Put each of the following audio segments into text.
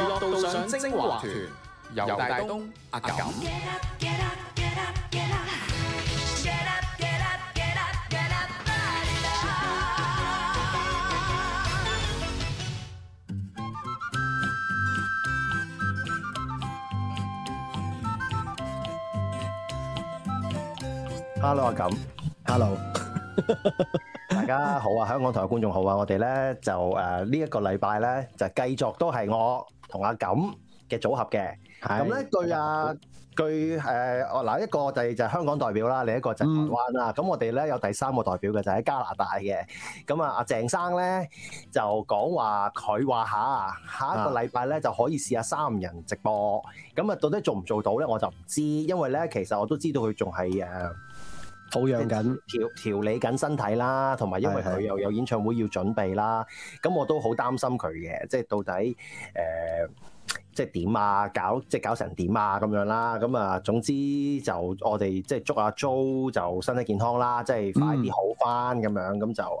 娛樂道上精華團，由大東阿感。Hello，阿感，Hello，大家好啊！香港台嘅觀眾好啊！我哋咧就誒呢一個禮拜咧就繼續都係我。同阿錦嘅組合嘅，咁咧據阿、啊、據誒，嗱、呃、一個就係香港代表啦，另一個就係台灣啦，咁、嗯、我哋咧有第三個代表嘅就係、是、加拿大嘅，咁啊阿鄭生咧就講話佢話吓下一個禮拜咧就可以試下三人直播，咁啊到底做唔做到咧我就唔知，因為咧其實我都知道佢仲係誒。啊保養緊，調調理緊身體啦，同埋因為佢又有演唱會要準備啦，咁我都好擔心佢嘅，即係到底誒。呃即係點啊？搞即係搞成點啊？咁樣啦，咁啊，總之就我哋即係祝阿 Jo 就身體健康啦，即係快啲好返咁樣，咁、嗯、就誒，即、呃、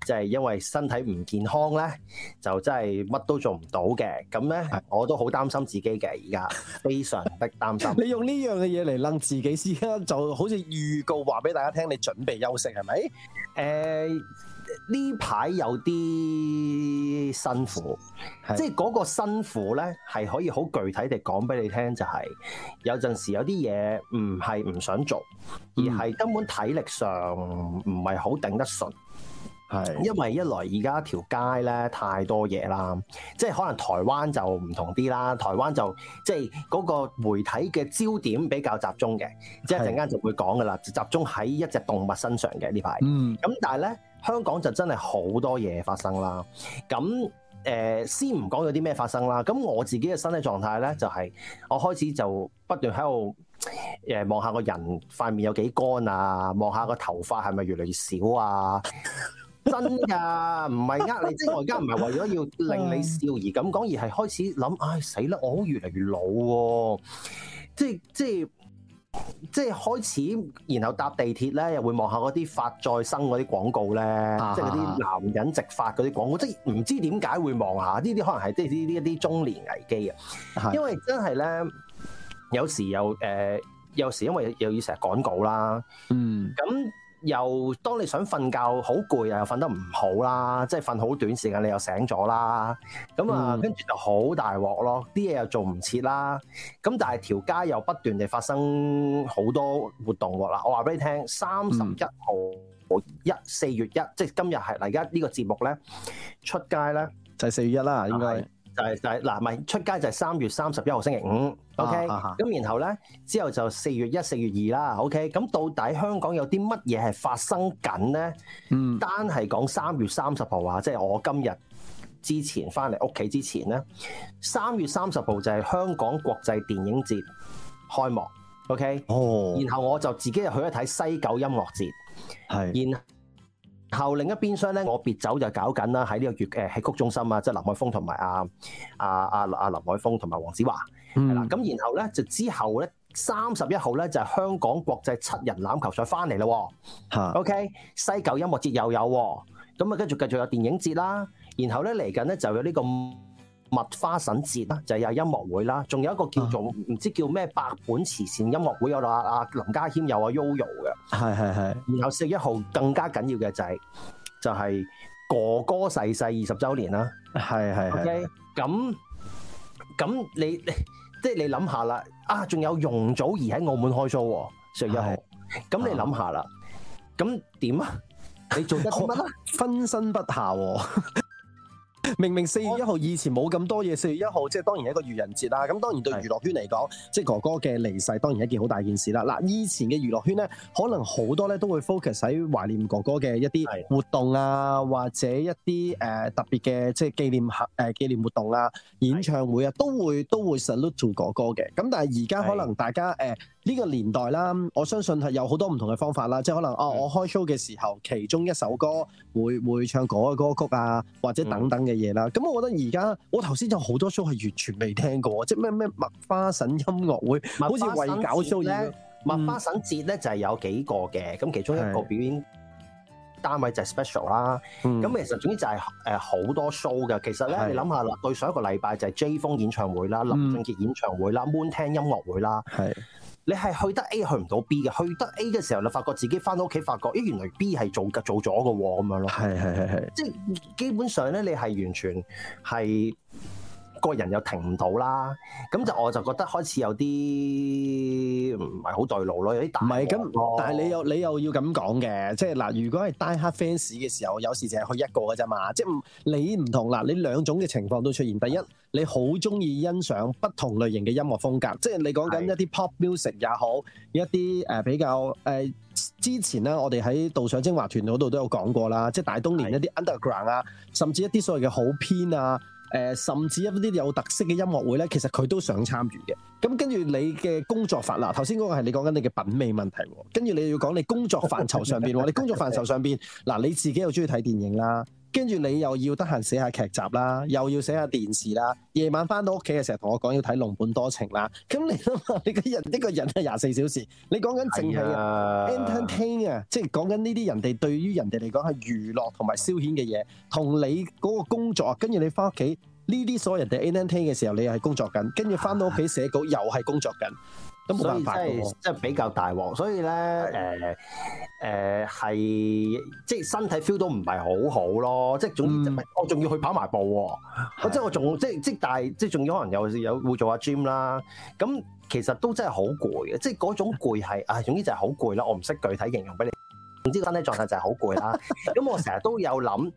係、就是、因為身體唔健康咧，就真係乜都做唔到嘅。咁咧，我都好擔心自己嘅，而家非常的擔心。 你用呢樣嘅嘢嚟撚自己先啦，就好似預告話俾大家聽，你準備休息係咪？誒。呃呢排有啲辛苦，是即係嗰個辛苦咧，係可以好具體地講俾你聽，就係有陣時有啲嘢唔係唔想做，嗯、而係根本體力上唔係好頂得順，係因為一來而家條街咧太多嘢啦，即係可能台灣就唔同啲啦，台灣就即係嗰個媒體嘅焦點比較集中嘅，是的即係一陣間就會講噶啦，就集中喺一隻動物身上嘅、嗯、呢排，嗯，咁但係咧。香港就真係好多嘢發生啦，咁誒、呃、先唔講有啲咩發生啦，咁我自己嘅身體狀態咧就係、是、我開始就不斷喺度誒望下個人塊面有幾乾啊，望下個頭髮係咪越嚟越少啊？ 真噶，唔係呃你，即係我而家唔係為咗要令你笑而咁講， 而係開始諗，唉、哎、死啦，我好越嚟越老，啊，即係即係。即係開始，然後搭地鐵咧，又會望下嗰啲髮再生嗰啲廣告咧、啊，即係嗰啲男人直髮嗰啲廣告，即係唔知點解會望下呢啲，這些可能係即係呢呢一啲中年危機啊，因為真係咧，有時又誒、呃，有時因為又要成日趕稿啦，嗯，咁。又當你想瞓覺好攰啊，又瞓得唔好啦，即係瞓好短時間，你又醒咗啦，咁啊跟住、嗯、就好大鑊咯，啲嘢又做唔切啦，咁但係條街又不斷地發生好多活動喎啦，我話俾你聽，三十一號一四月一，即係今日係嚟家呢個節目咧出街咧就係、是、四月一啦，應該。就係、係、嗱，咪、就係、出街就係三月三十一號星期五，OK，咁、啊啊、然後呢，之後就四月一、四月二啦，OK，咁到底香港有啲乜嘢係發生緊呢？嗯，單係講三月三十號啊，即、就、係、係、我今日之前翻嚟屋企之前呢，三月三十號就係香港國際電影節開幕，OK，哦，然後我就自己去一睇西九音樂節，係，然後另一邊箱咧，我別走就搞緊啦，喺呢個粵誒、呃、戲曲中心啊，即林海峰同埋阿阿阿阿林海峰同埋黃子華，啦、嗯。咁然後咧就之後咧三十一號咧就係、是、香港國際七人欖球賽翻嚟啦，嚇。OK，西九音樂節又有、哦，咁啊，繼續繼續有電影節啦。然後咧嚟緊咧就有呢、這個。物花省節啦，就係，有音樂會啦，仲有一個叫做唔、嗯、知叫咩百本慈善音樂會有，有阿阿林家謙有，有阿 Yoyo 嘅，係係係。然後四月一號更加緊要嘅就係、係、就係、係、哥哥逝世二十週年啦，係係。OK 咁咁你你即係你諗下啦，啊，仲有容祖兒喺澳門開 show 四月一號，咁你諗下啦，咁點啊？你做得點啊？ 分身不下喎、啊！ 明明四月一號以前冇咁多嘢，四月一號即係當然係一個愚人節啦。咁當然對娛樂圈嚟講，即係哥哥嘅離世當然一件好大件事啦。嗱，以前嘅娛樂圈咧，可能好多咧都會 focus 喺懷念哥哥嘅一啲活動啊，或者一啲誒、呃、特別嘅即係紀念誒紀、呃、念活動啊、演唱會啊，都會都會 salute to 哥哥嘅。咁但係而家可能大家誒。呢、這個年代啦，我相信係有好多唔同嘅方法啦，即係可能啊、嗯哦，我開 show 嘅時候，其中一首歌會會唱嗰個歌曲啊，或者等等嘅嘢啦。咁、嗯、我覺得而家我頭先有好多 show 係完全未聽過，即係咩咩麥花臣音樂會，好似為搞 show 嘅、嗯。麥花臣節咧就係、是、有幾個嘅，咁、嗯、其中一個表演單位就係 special 啦。咁、嗯、其實總之就係誒好多 show 嘅。其實咧、嗯，你諗下啦，對上一個禮拜就係 Jay Fung 演唱會啦、嗯、林俊傑演唱會啦、嗯、Moon 聽音樂會啦，係、嗯。你係去得 A 去唔到 B 嘅，去得 A 嘅時候，你發覺自己翻到屋企，發覺咦，因為原來 B 係做嘅做咗嘅喎，咁樣咯。係係係係，即係基本上咧，你係完全係。個人又停唔到啦，咁就我就覺得開始有啲唔係好對路咯，有啲大唔係咁，但係你又你又要咁講嘅，即係嗱，如果係 Die Hard fans 嘅時候，有時淨係去一個嘅啫嘛，即係你唔同啦，你兩種嘅情況都出現。第一，你好中意欣賞不同類型嘅音樂風格，即係你講緊一啲 pop music 也好，一啲比較誒之前咧，我哋喺《道上精華團》嗰度都有講過啦，即係大東年一啲 underground 啊，甚至一啲所謂嘅好偏啊。誒，甚至一啲有特色嘅音樂會咧，其實佢都想參與嘅。咁跟住你嘅工作法啦，頭先嗰個係你講緊你嘅品味問題，跟住你要講你工作範疇上面， 你工作範疇上面，嗱，你自己又中意睇電影啦。跟住你又要得閒寫下劇集啦，又要寫下電視啦。夜晚翻到屋企嘅時候同我講要睇《龍本多情》啦。咁你諗下，你個人呢、呢個人係廿四小時。你講緊淨係啊，entertain 啊，即係講緊呢啲人哋對於人哋嚟講係娛樂同埋消遣嘅嘢，同你嗰個工作啊。跟住你翻屋企呢啲所謂人哋 entertain 嘅時候，你又係工作緊。跟住翻到屋企寫稿又係工作緊。所以真係比較大鑊。嗯，所以咧誒誒係即係身體 feel 都唔係好好咯，即係總之就係，是嗯，我仲要去跑埋步，即係我仲即即但係即係仲要可能有有會做下 gym 啦。咁其實都真係好攰嘅，即係嗰種攰係 啊，總之就係好攰啦。我唔識具體形容俾你，總之身體狀態就係好攰啦。咁 我成日都有諗誒、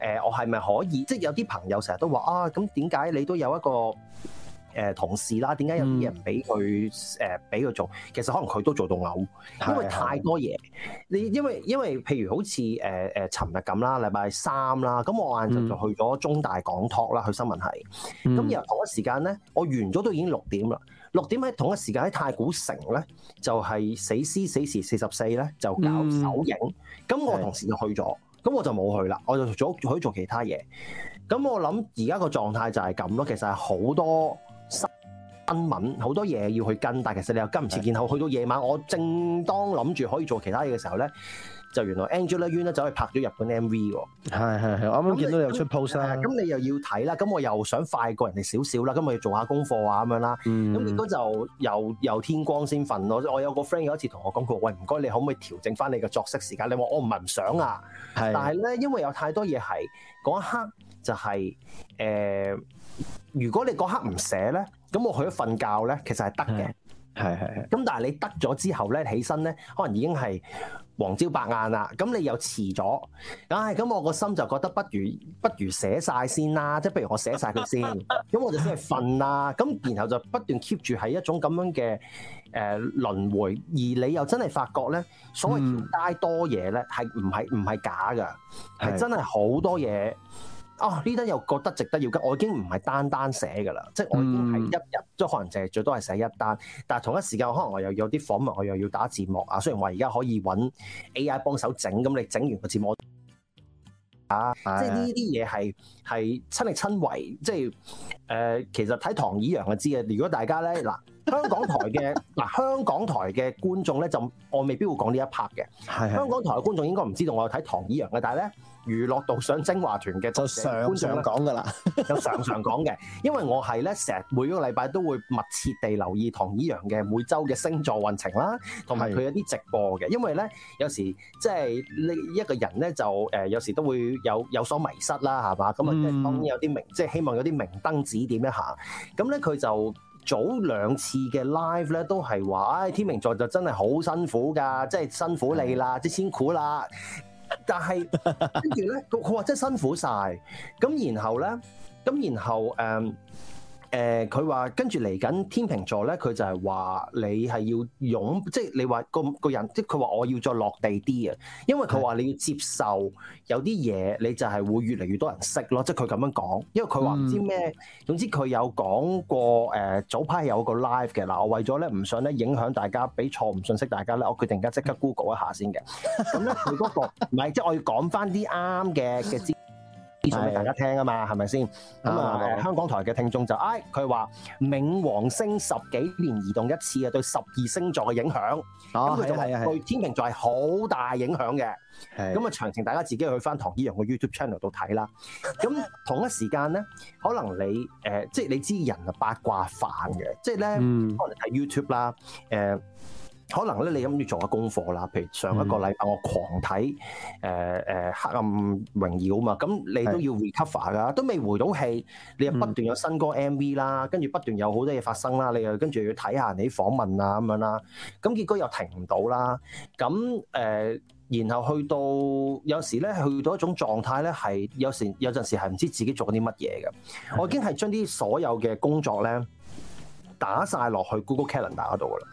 呃，我係咪可以即係有啲朋友成日都話啊，咁點解你都有一個？同事啦，點解有啲嘢俾佢誒俾佢做？其實可能佢都做到嘔，因為太多嘢。你因為因為譬如好似誒誒尋日咁啦，禮拜三啦，咁我晏晝就去咗中大講 talk 啦，去新聞系。咁又同一時間咧，我完咗都已經六點啦。六點喺同一時間喺太古城咧，就係死屍死時四十四咧，就搞首映。咁、嗯、我同事就去咗，咁我就冇去啦。我就做可以做，做其他嘢。咁我諗而家個狀態就係咁咯。其實係好多。新新聞好多嘢要去跟，但其實你又跟唔切。然後去到夜晚，我正當諗住可以做其他嘢嘅時候咧，就原來 Angela Yuen 都走去拍咗日本 MV 喎。係係係，啱啱見到你，你有出 post 咧。咁你又要睇啦。咁我又想快過人哋少少啦。咁我又要做一下功課啊咁樣啦。咁、嗯、結果就由由天光先瞓咯。我有個 friend 有一次同我講過，喂，唔該，你可唔可以調整翻你嘅作息時間？你話我唔係唔想啊，是但係咧，因為有太多嘢係嗰一刻就係、是、誒。呃如果你嗰刻唔寫咧，咁我去咗瞓覺咧，其實係得嘅，係係係。咁但係你得咗之後咧，起身咧，可能已經係黃朝白晏啦。咁你又遲咗，唉，咁我個心就覺得不如不如寫晒先啦，即係不如我寫晒佢先，咁我就先去瞓啦。咁然後就不斷 keep 住係一種咁樣嘅誒輪迴，而你又真係發覺咧，所謂條街多嘢咧，係唔係唔係假㗎，係真係好多嘢。哦，呢單又覺得值得要嘅，我已經唔係單單寫㗎啦、嗯，即係我已經係一日，即係可能淨係最多係寫一單，但係同一時間可能我又有啲訪問，我又要打字幕啊。雖然話而家可以揾 AI 幫手整，咁你整完個字幕啊，是的即係呢啲嘢係係親力親為，即係誒、呃，其實睇唐以陽就知嘅。如果大家咧嗱，香港台嘅嗱 香港台嘅觀眾咧就我未必會講呢一 part 嘅，香港台嘅觀眾應該唔知道我有睇唐以陽嘅，但係咧。娛樂導賞精華團嘅就常常講㗎啦，有常常講嘅，因為我係咧成日每個禮拜都會密切地留意唐綺陽嘅每週嘅星座運程啦，同埋佢有啲直播嘅，因為咧有時即係你一個人咧就誒有時都會有有所迷失啦，係嘛？咁啊當然有啲明即係、就是、希望有啲明燈指點一下。咁咧佢就早兩次嘅 live 咧都係話，唉、哎，天秤座就真係好辛苦㗎，即係辛苦你啦，即係辛苦啦。 但係，跟住咧，佢佢話真係辛苦晒，咁然後咧，咁然後誒。嗯誒佢話跟住嚟緊天平座咧，佢就係話你係要擁，即係你話個，個人，即係佢話我要再落地啲啊，因為佢話你要接受有啲嘢，你就係會越嚟越多人識咯，即係佢咁樣講，因為佢話唔知咩、嗯，總之佢有講過誒、呃、早排有個 live 嘅，嗱我為咗咧唔想咧影響大家俾錯誤信息，大家咧我決定而家即刻 Google 一下先嘅，咁咧佢嗰個唔係 即係我要講翻啲啱嘅嘅啲出俾大家聽啊嘛，係咪先？咁啊、嗯嗯嗯，香港台嘅聽眾就，哎，佢話冥王星十幾年移動一次啊，對十二星座嘅影響，咁佢就係對天秤座係好大的影響嘅。咁啊，詳情大家自己去翻唐依陽嘅 YouTube channel 度睇啦。咁同一時間咧，可能你誒、呃，即係你知人八卦煩嘅，即係咧、嗯，可能睇 YouTube 啦，誒、呃。可能咧，你諗住做下功課啦。譬如上一個禮拜我狂睇誒誒《黑暗榮耀》啊嘛，咁你都要 recover 噶，都未回到氣，你又不斷有新歌 MV 啦，跟住不斷有好多嘢發生啦，你又跟住又要睇下人啲訪問啊咁樣啦，咁結果又停唔到啦。咁誒，然後去到有時咧，去到一種狀態咧，係有時有陣時係唔知自己做緊啲乜嘢嘅。我已經係將啲所有嘅工作咧。打晒落去 Google Calendar 嗰度噶啦，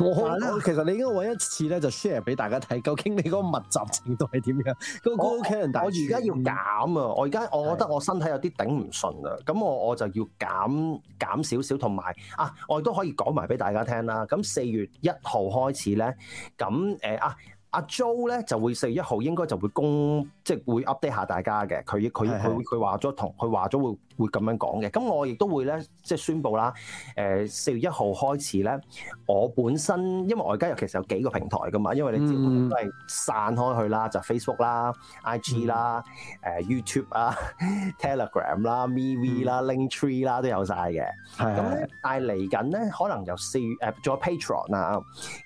我好。其實你應該揾一次咧，就 share 俾大家睇，究竟你嗰個密集程度係點樣 ？Google Calendar 我而家要減啊、嗯！我而家我覺得我身體有啲頂唔順啊。咁我我就要減減少少，同埋啊，我亦都可以講埋俾大家聽啦。咁四月一號開始咧，咁誒啊阿、啊、Jo 咧就會四月一號應該就會公。即係會 update 下大家嘅，佢佢佢佢話咗同佢話咗會會咁樣講嘅。咁我亦都會咧，即係宣布啦。呃、四月一號開始咧，我本身因為我而家又其實有幾個平台噶嘛，因為你全部都係散開去啦，嗯、就係、Facebook 啦、IG 啦、嗯呃、YouTube 啦、 Telegram 啦、MeWe 啦、嗯、Linktree 啦都有晒嘅。咁、嗯、但係嚟緊咧，可能由四月仲、呃、有 Patreon 啦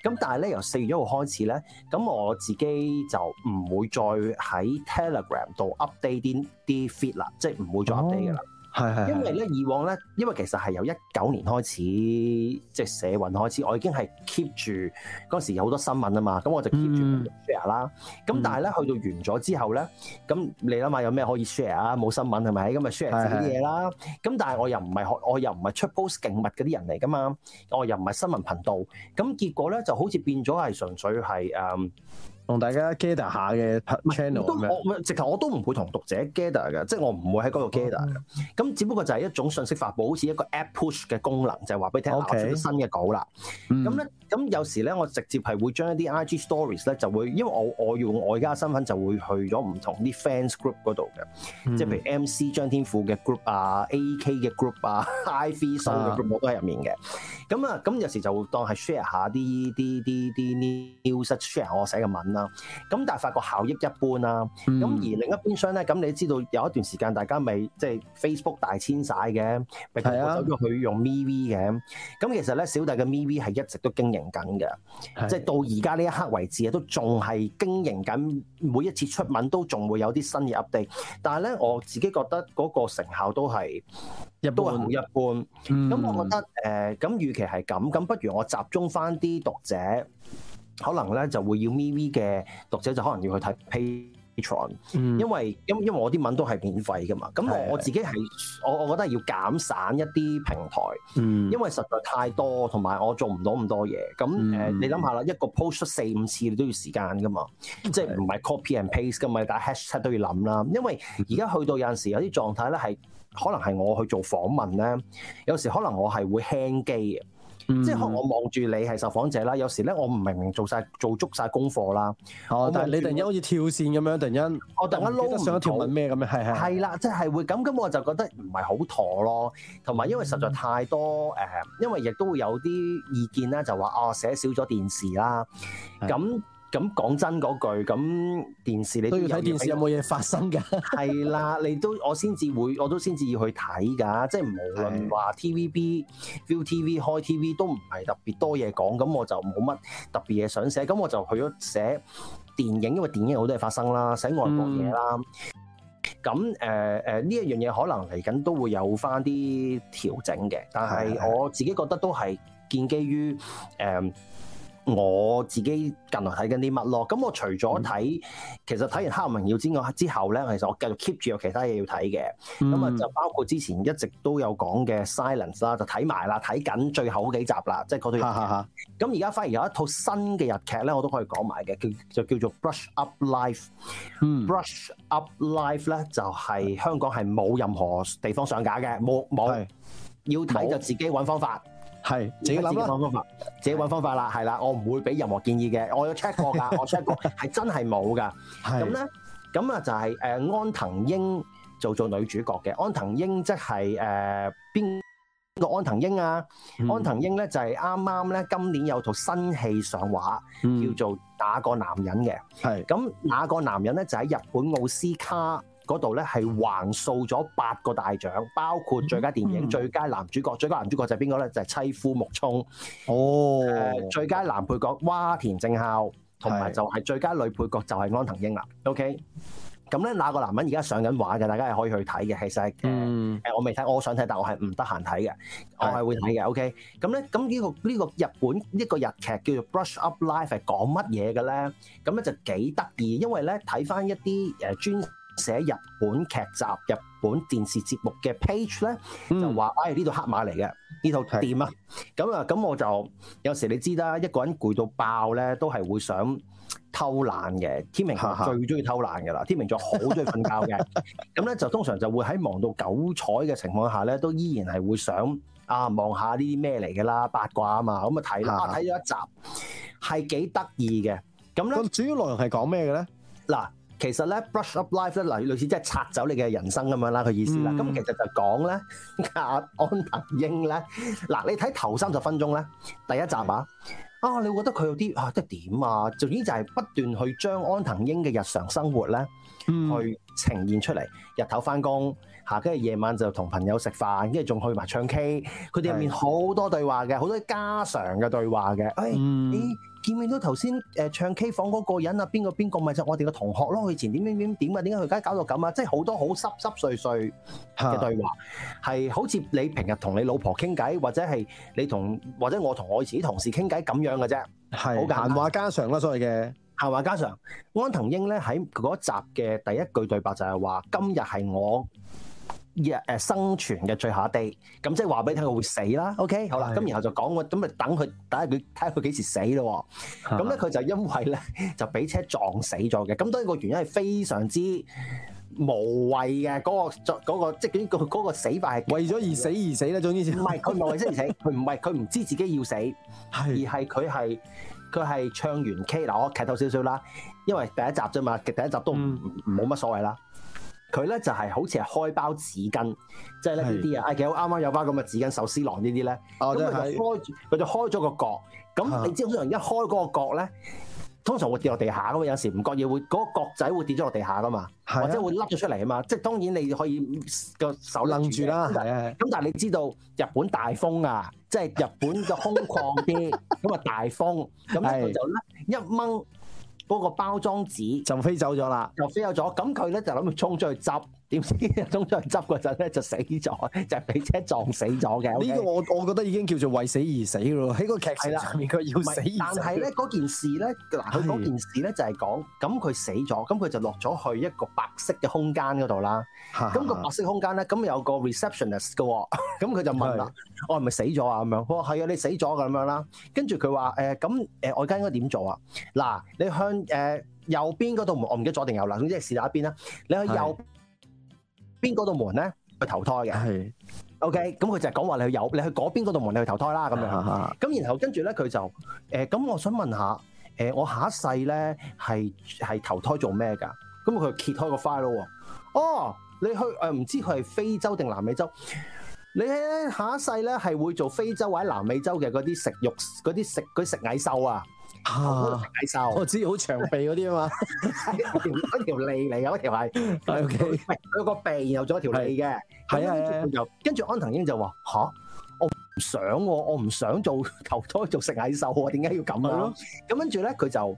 咁但係咧，由四月一號開始咧，咁我自己就唔會再喺。Telegram 度 update 啲啲 feed 啦，即係唔會再 update 㗎啦。係、哦、係。因為咧以往咧，因為其實係由一九年開始，即、就、係、是、社運開始，我已經係 keep 住嗰陣時有好多新聞啊嘛，咁我就 keep 住 share 啦。咁、嗯、但係咧去到完咗之後咧，咁你諗下有咩可以 share 啊？冇新聞係咪？咁咪 share 啲嘢啦。咁但係我又唔係學，我又唔係出 post 勁密嗰啲人嚟㗎嘛。我又唔係新聞頻道。咁結果咧就好似變咗係純粹係誒。嗯同大家 gather 下嘅 channel 咩？直頭我都唔會同讀者 gather 嘅，即係我唔會喺嗰度 gather 嘅。咁、嗯、只不過就係一種信息發布，好似一個 app push 嘅功能，就係話俾你聽我哋最、okay，新嘅稿啦。咁、嗯、咧，咁有時咧，我直接係會將一啲 IG stories 咧，就會因為我我用我而家身份就會去咗唔同啲 fans group 度嘅、嗯，即係譬如 MC 張天賦嘅 group 啊、AK 嘅 group 啊、Ivy So 嘅 group 都喺入面嘅。咁啊，咁有時就會當係 share 一下啲啲啲啲 news share 我寫嘅文。咁但係發覺效益一般啦、啊、咁、嗯、而另一邊廂咧，咁你知道有一段時間大家咪即係 Facebook 大遷徙嘅，咪開始去用 MeWe 嘅，咁其實咧，小弟嘅 MeWe 係一直都經營緊嘅，即係到而家呢一刻為止啊，都仲係經營緊，每一次出文都仲會有啲新嘅 update，但係咧，我自己覺得嗰個成效都係都係好一般，咁、嗯、我覺得誒咁預期係咁，咁、呃、不如我集中翻啲讀者。可能咧就會要 V V 嘅讀者就可能要去睇 Patreon、嗯、因為因因為我啲文都係免費㗎嘛，咁我我自己係我我覺得係要減散一啲平台、嗯，因為實在太多，同埋我做唔到咁多嘢。咁、嗯呃、你諗下啦，一個 post 出四五次你都要時間㗎嘛，即係唔係 copy and paste 㗎嘛，打 hashtag 都要諗啦。因為而家去到有陣時有啲狀態咧係，可能係我去做訪問咧，有時可能我係會 hang 機嘅。即係可能我望住你係受訪者啦，有時咧我唔明明做曬做足晒功課啦，哦，但係你突然間好似跳線咁樣，突然間我突然間撈唔上一條問咩咁樣，係係。係啦，即係會咁，咁我就覺得唔係好妥咯，同埋因為實在太多誒、嗯，因為亦都會有啲意見啦，就話哦寫少咗電視啦，咁。咁講真嗰句，咁電視你都要睇電視有冇嘢發生㗎？係 啦，你都我先至會，我都先至要去睇㗎。即係無論話 TVB、View TV、開 TV 都唔係特別多嘢講，咁我就冇乜特別嘢想寫。咁我就去咗寫電影，因為電影好多嘢發生啦，寫外國嘢啦。咁誒誒呢一樣嘢可能嚟緊都會有翻啲調整嘅，但係我自己覺得都係建基於誒。呃我自己近來睇緊啲乜咯，咁我除咗睇、嗯，其實睇完《黑暗榮耀》之外之後咧，其實我繼續 keep 住有其他嘢要睇嘅，咁、嗯、啊就包括之前一直都有講嘅《Silence》啦，就睇埋啦，睇緊最後嗰幾集啦，即係嗰套日劇。咁而家反而有一套新嘅日劇咧，我都可以講埋嘅，叫就叫做 Brush Up Life、嗯《Brush Up Life》。Brush Up Life 咧就係、是、香港係冇任何地方上架嘅，冇冇，要睇就自己揾方法。係自己,自己方法，自己揾方法啦，係啦，我唔會俾任何建議嘅，我有 check 過㗎， 我 check 過係真係冇㗎。咁咧，咁啊就係、是、誒、呃、安藤英做做女主角嘅，安藤英即係誒邊個安藤英啊？嗯、安藤英咧就係啱啱咧今年有一套新戲上畫、嗯，叫做那個男人嘅。係咁那個男人咧就喺日本奧斯卡。嗰度咧係橫掃咗八個大獎，包括最佳電影、嗯、最佳男主角、嗯、最佳男主角就係邊個咧？就係、是、妻夫木聰哦。最佳男配角窪田正孝，同埋就係最佳女配角就係安藤英娜。O K，咁咧那個男人而家上緊畫嘅，大家係可以去睇嘅。其實誒誒、嗯呃，我未睇，我想睇，但我係唔得閒睇嘅。我係會睇嘅。O K，咁咧咁呢個呢、這個日本一、這個日劇叫做《Brush Up Life》係講乜嘢嘅咧？咁咧就幾得意，因為咧睇翻一啲誒、呃、專。寫日本劇集、日本電視節目嘅 page 咧，嗯，就話：哎，呢度黑馬嚟嘅，呢套掂啊！咁啊，咁我就有時你知啦，一個人攰到爆咧，都係會想偷懶嘅。天秤座最中意偷懶噶啦，天秤座好中意瞓覺嘅。咁 咧就通常就會喺忙到九彩嘅情況下咧，都依然係會想啊，望下呢啲咩嚟噶啦，八卦啊嘛，咁啊睇啦，睇咗一集係幾得意嘅。咁咧，咁主要內容係講咩嘅咧？嗱。其實咧，Brush Up Life 咧，類類似即係拆走你嘅人生咁樣啦，佢意思啦。咁其實就講咧，阿安藤英咧，嗱你睇頭三十分鐘咧，第一集啊，啊你會覺得佢有啲啊，即係點啊？總之就係不斷去將安藤英嘅日常生活咧、嗯、去呈現出嚟。日頭翻工下，跟住夜晚就同朋友食飯，跟住仲去埋唱 K。佢哋入面好多對話嘅，好多家常嘅對話嘅。哎嗯哎見面到頭先誒唱 K 房嗰個人啊，邊個邊個咪就我哋個同學咯，佢以前點點點點啊，點解佢而家搞到咁啊？即係好多好濕濕碎碎嘅對話，係好似你平日同你老婆傾偈，或者係你同或者我同我以前啲同事傾偈咁樣嘅啫。係閒話家常啦，所謂嘅閒話家常，安藤英呢喺嗰集嘅第一句對白就係話：今日係我日誒生存嘅最下地，咁即係話俾你聽，佢會死啦。OK，好啦，咁然後就講我，咁咪等佢睇下佢睇下佢幾時死咯。咁咧佢就因為咧就俾車撞死咗嘅。咁當然個原因係非常之無謂嘅，嗰、嗰個即係嗰個嗰、嗰個嗰個嗰個死法係為咗而死而死啦。總之唔係佢唔係為死而死，佢唔係佢唔知自己要死，係而係佢係佢係唱完 K 嗱，我劇透少少啦，因為第一集啫嘛，第一集都冇乜、嗯、所謂啦。佢咧就係好似係開包紙巾，即係咧呢啲啊，哎幾好，啱啱有包咁嘅紙巾壽司郎呢啲咧，咁、哦、佢、就是、就開，佢就開咗個角。咁、啊、你知通常一開嗰個角咧，通常會跌落地下噶嘛，有時唔覺意會嗰、那個角仔會跌咗落地下噶嘛，或者會甩咗出嚟啊嘛。即係當然你可以個手擸住啦。係啊咁、啊、但係你知道日本大風啊，即係、啊啊就是、日本嘅空曠啲，咁 啊大風，咁就一掹。嗰個包裝紙就飛走咗啦，就飛走咗，咁佢咧就諗住衝出去執。點知通常執嗰陣咧就死咗，就俾、係、車撞死咗嘅，呢個我我覺得已經叫做為死而死咯。喺個劇情上面佢要死，而死，但係咧嗰件事咧嗱，佢嗰件事咧就係講，咁佢死咗，咁佢就落咗去一個白色嘅空間嗰度啦。咁個白色空間咧，咁有個 receptionist 嘅，咁佢就問啦，我係咪死咗啊？咁樣，話係啊，你死咗咁樣啦。跟住佢話誒，咁、呃、誒，我而家應該點做啊？嗱，你向誒、呃、右邊嗰度，我唔記得左定右啦，總之試下一邊啦。你向右。邊嗰度門咧去投胎嘅，OK，咁佢就講話你去有，你去嗰邊嗰度門你去投胎啦咁樣，咁、uh -huh。然後跟住咧佢就，誒、呃，咁我想問一下，誒、呃，我下一世咧係係投胎做咩噶？咁佢就揭開個 file，哦，你去誒唔、呃、知佢係非洲定南美洲，你喺下一世咧係會做非洲或者南美洲嘅嗰啲食肉嗰啲食嗰啲食蟻獸啊？啊！怪獸，我知好長鼻嗰啲啊嘛，一條嗰條脷嚟嘅，一條係 OK，佢有個鼻又仲有條脷嘅，係啊。跟住安藤英就話：嚇，我唔想，我唔想做投胎做食蟻獸，我點解要咁啊？咁跟住咧，佢就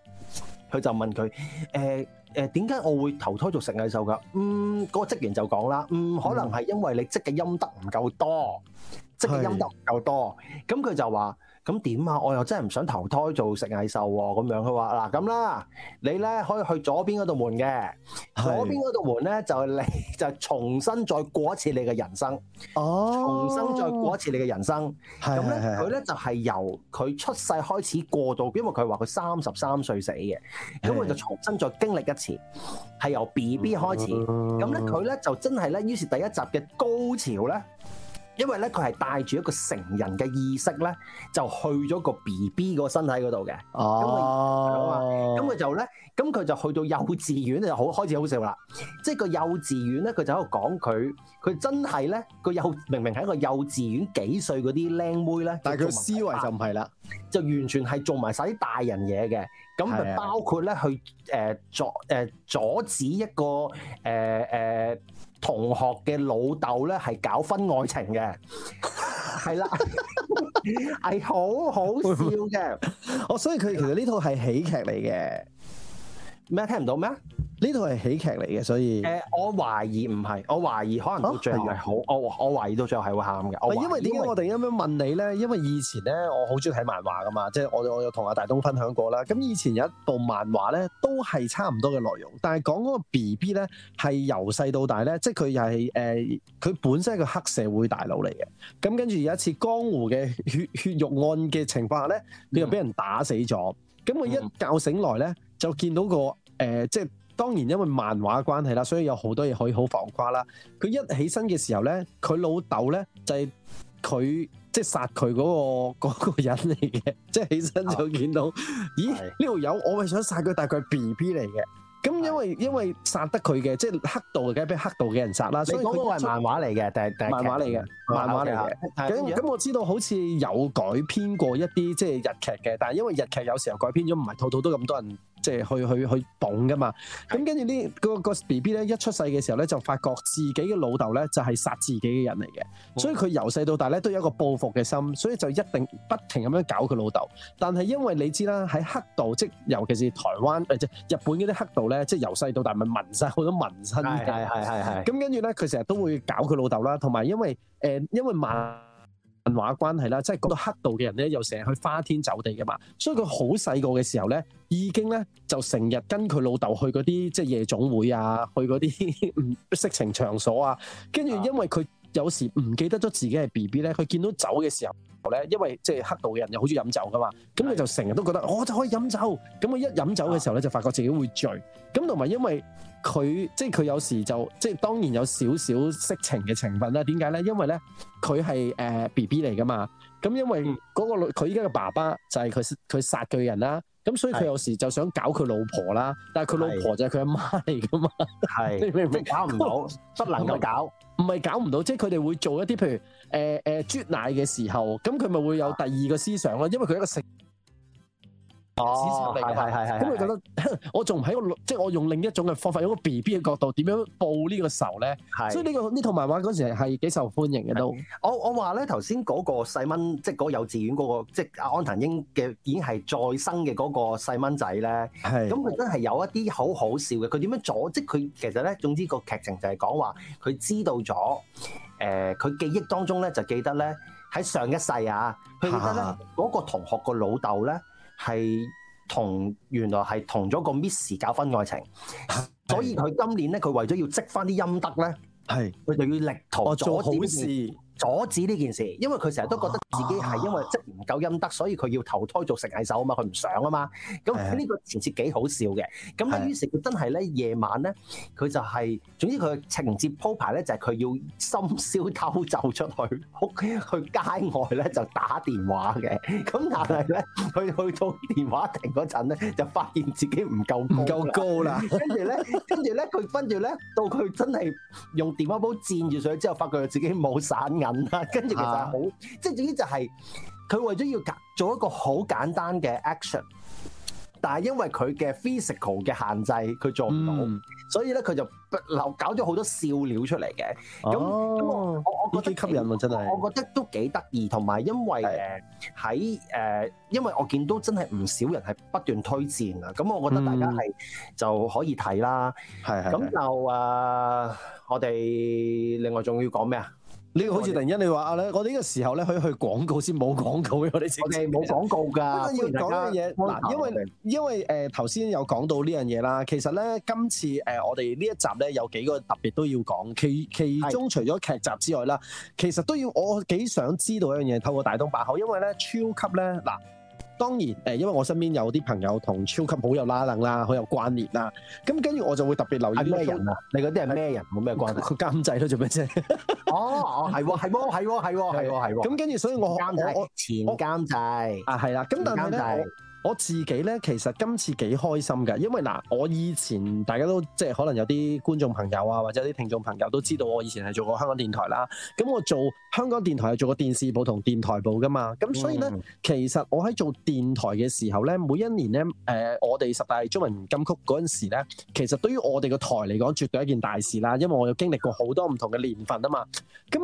佢就問佢：誒誒，點解我會投胎做食蟻獸㗎？嗯，嗰個職員就講啦：嗯，可能係因為你積嘅陰德唔夠多，積嘅陰德唔夠多。咁佢就話。咁點啊？我又真係唔想投胎做食蟻獸喎，啊，咁樣佢話嗱咁啦，你咧可以去左邊嗰度門嘅，左邊嗰度門咧就係你就重新再過一次你嘅人生，哦，重新再過一次你嘅人生，咁咧佢咧就係、是、由佢出世開始過度，因為佢話佢三十三歲死嘅，咁佢就重新再經歷一次，係由 B B 開始，咁咧佢咧就真係咧，於是第一集嘅高潮咧。因為咧，佢係帶住一個成人嘅意識咧，就去咗個 B B 個身體嗰度嘅。哦、啊，咁佢就咧，咁佢就去到幼稚園就好，開始好笑啦。即係個幼稚園咧，佢就喺度講佢，佢真係咧，個幼明明係一個幼稚園幾歲嗰啲靚妹咧，但係佢思維就唔係啦，就完全係做埋晒啲大人嘢嘅。咁就包括咧，去誒阻誒阻止一個誒誒。呃呃同學嘅老豆咧係搞婚外情嘅，係 啦是的，係 好好笑嘅。我、 哦、所以佢其實呢套係喜劇嚟嘅。咩聽唔到咩？呢套係喜劇嚟嘅，所以、呃、我懷疑唔係，我懷疑可能到最後係好，、哦、好，我懷好我懷疑到最後係會喊嘅。因為點解我突然咁樣問你咧？因為以前咧，我好中意睇漫畫噶嘛，即、就、係、是、我我有同阿大東分享過啦。咁以前有一部漫畫咧，都係差唔多嘅內容，但係講嗰個 B B 咧，係由細到大咧，即係佢又係佢本身係個黑社會大佬嚟嘅。咁跟住有一次江湖嘅血血肉案嘅情況下咧，佢又俾人打死咗。咁、嗯、佢一覺醒來咧。就見到個誒，即、呃、係當然因為漫畫關係啦，所以有好多嘢可以好浮誇啦。佢一起身嘅時候咧，佢老豆咧就係佢即係殺佢嗰、個嗰、個人嚟嘅，即 係起身就見到， 咦呢條友，我咪想殺佢，但係佢係 BB 嚟嘅。咁因為因為殺得佢嘅，即、就、係、是、黑道，梗係俾黑道嘅人殺啦。你嗰個係漫畫嚟嘅，定係漫畫嚟嘅漫畫嚟嘅？咁咁我知道好似有改編過一啲即係日劇嘅，但係因為日劇有時候改編咗唔係套套都咁多人。即係去去去捧噶嘛，咁跟住呢個個 B B 咧一出世嘅時候咧就發覺自己嘅老豆咧就係殺自己嘅人嚟嘅，嗯、所以佢由細到大咧都有一個報復嘅心，所以就一定不停咁樣搞佢老豆。但係因為你知啦，喺黑道即尤其是台灣即係日本嗰啲黑道咧，即係由細到大咪紋身好多紋身嘅，咁跟住咧，佢成日都會搞佢老豆啦，同埋因為、呃、因為萬。文化關係啦，即係嗰度黑道嘅人咧，又成日去花天酒地噶嘛，所以佢好細個嘅時候咧，已經咧就成日跟佢老豆去嗰啲，即係夜總會啊，去嗰啲色情場所啊，跟住因為佢。有時唔記得咗自己係 B B 咧，佢見到酒嘅時候咧，因為即係黑道嘅人又好中意飲酒噶嘛，咁佢就成日都覺得我就可以飲酒，咁佢一飲酒嘅時候咧就發覺自己會醉，咁同埋因為佢即係佢有時就即係當然有少少色情嘅成分啦。點解咧？因為咧佢係誒 B B 嚟噶嘛，咁因為嗰個佢依家嘅爸爸就係佢佢殺佢嘅人啦，咁所以佢有時就想搞佢老婆啦，但係佢老婆就係佢阿媽嚟噶嘛，係即係搞唔到，不能夠搞。唔係搞唔到，即係佢哋會做一啲譬如誒誒啜奶嘅時候，咁佢咪會有第二個思想囉，因為佢一個食。哦，係係係。咁佢覺得，係係係係係呵呵我仲唔喺個即係我用另一種嘅方法，用個 B B 嘅角度，點樣報呢個仇咧？係。所以呢、呢個呢套漫畫嗰時係幾受歡迎嘅都。我我話咧，頭先嗰個細蚊，即係嗰幼稚園嗰、嗰個，即係阿安藤英嘅已經係再生嘅嗰個細蚊仔咧。係。咁佢真係有一啲好好笑嘅，佢點樣阻止？即佢其實咧，總之個劇情就係講話佢知道咗，誒、呃，佢記憶當中咧就記得咧喺上一世啊，佢記得咧嗰、啊嗰個同學個老豆咧。係同原來係同咗個 Miss 搞婚愛情。所以佢今年咧，佢為咗要積返啲陰德咧，係佢就要力圖做好事。阻止呢件事，因為佢成日都覺得自己係因為即唔夠陰德，啊、所以佢要投胎做食蟻獸啊嘛，佢唔想啊嘛。咁呢個前設幾好笑嘅。咁於是佢真係咧夜晚咧，佢就係、是，總之佢情節鋪排咧就係、是、佢要深宵偷走出去屋企去街外咧就打電話嘅。咁但係咧，佢去到電話亭嗰陣咧，就發現自己唔夠唔夠高啦。高呢 呢跟住咧，跟住咧，佢跟住咧到佢真係用電話簿占住上之後發覺佢自己冇散銀。跟住其實好、啊，即係總之就係佢為咗要做一個好簡單嘅 action，但係因為佢嘅 physical 嘅限制他不，佢做唔到，所以咧佢就留搞咗好多笑料出嚟嘅。咁、哦、我我覺得吸引喎，真係，我覺得都幾得意。同埋因為誒喺誒，因為我見到真係唔少人係不斷推薦啊。咁我覺得大家係就可以睇啦。係、嗯、咁就誒、啊，我哋另外仲要講咩啊？呢個好似突然間你話啊咧，我呢個時候咧可以去廣告先？冇廣告㗎，我哋唔冇廣告㗎。要講嘅嘢，因為因為誒頭先有講到呢樣嘢啦。其實咧，今次誒、呃、我哋呢一集咧有幾個特別都要講，其其中除咗劇集之外啦，其實都要我幾想知道一樣嘢，透過大東把口，因為咧超級咧嗱。當然，誒，因為我身邊有啲朋友同 Chill Club 好有拉楞啦，好有關聯啦，咁跟住我就會特別留意咩、啊、人啊？你嗰啲係咩人冇咩關係、啊？監製都做咩啫？ 哦，哦，係喎、哦，係 喎、哦，係喎、哦，係喎、哦，係喎、哦，咁跟住，哦、所以我監製，前監製啊，係啦、啊，咁但係咧。我自己咧，其實今次幾開心㗎，因為嗱，我以前大家都即係可能有啲觀眾朋友啊，或者啲聽眾朋友都知道，我以前係做過香港電台啦。咁我做香港電台係做過電視部同電台部噶嘛。咁所以咧、嗯，其實我喺做電台嘅時候咧，每一年咧、呃，我哋十大中文金曲嗰陣時咧，其實對於我哋個台嚟講，絕對係一件大事啦。因為我有經歷過好多唔同嘅年份啊嘛。咁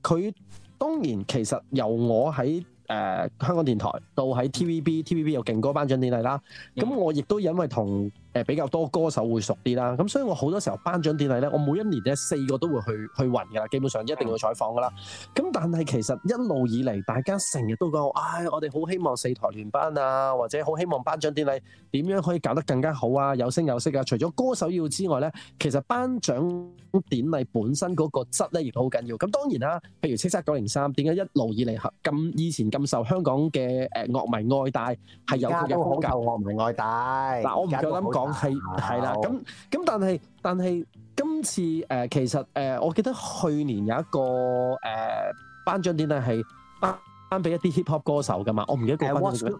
佢、呃、當然其實由我喺。誒、呃、香港電台到喺 TVB，TVB、嗯、有勁歌頒獎典禮啦，咁、嗯、我亦都因為同。誒，比較多歌手會熟啲啦，咁所以我好多時候頒獎典禮咧，我每一年咧四個都會去去勻噶啦，基本上一定要採訪噶啦。咁、嗯、但係其實一路以嚟，大家成日都講，唉、哎，我哋好希望四台聯班啊，或者好希望頒獎典禮點樣可以搞得更加好啊，有聲有色啊。除咗歌手要之外咧，其實頒獎典禮本身嗰個質咧亦都好緊要。咁當然啦、啊，譬如《叱吒九零三》，點解一路以嚟咁以前咁受香港嘅誒、呃、樂迷愛戴，係有佢嘅風格，樂迷愛戴嗱，我唔夠膽講。講係係啦，咁咁但係但係今次誒、呃，其實誒、呃，我記得去年有一個誒頒獎典禮係頒俾一啲 hip hop 歌手噶嘛，我唔記得個、uh,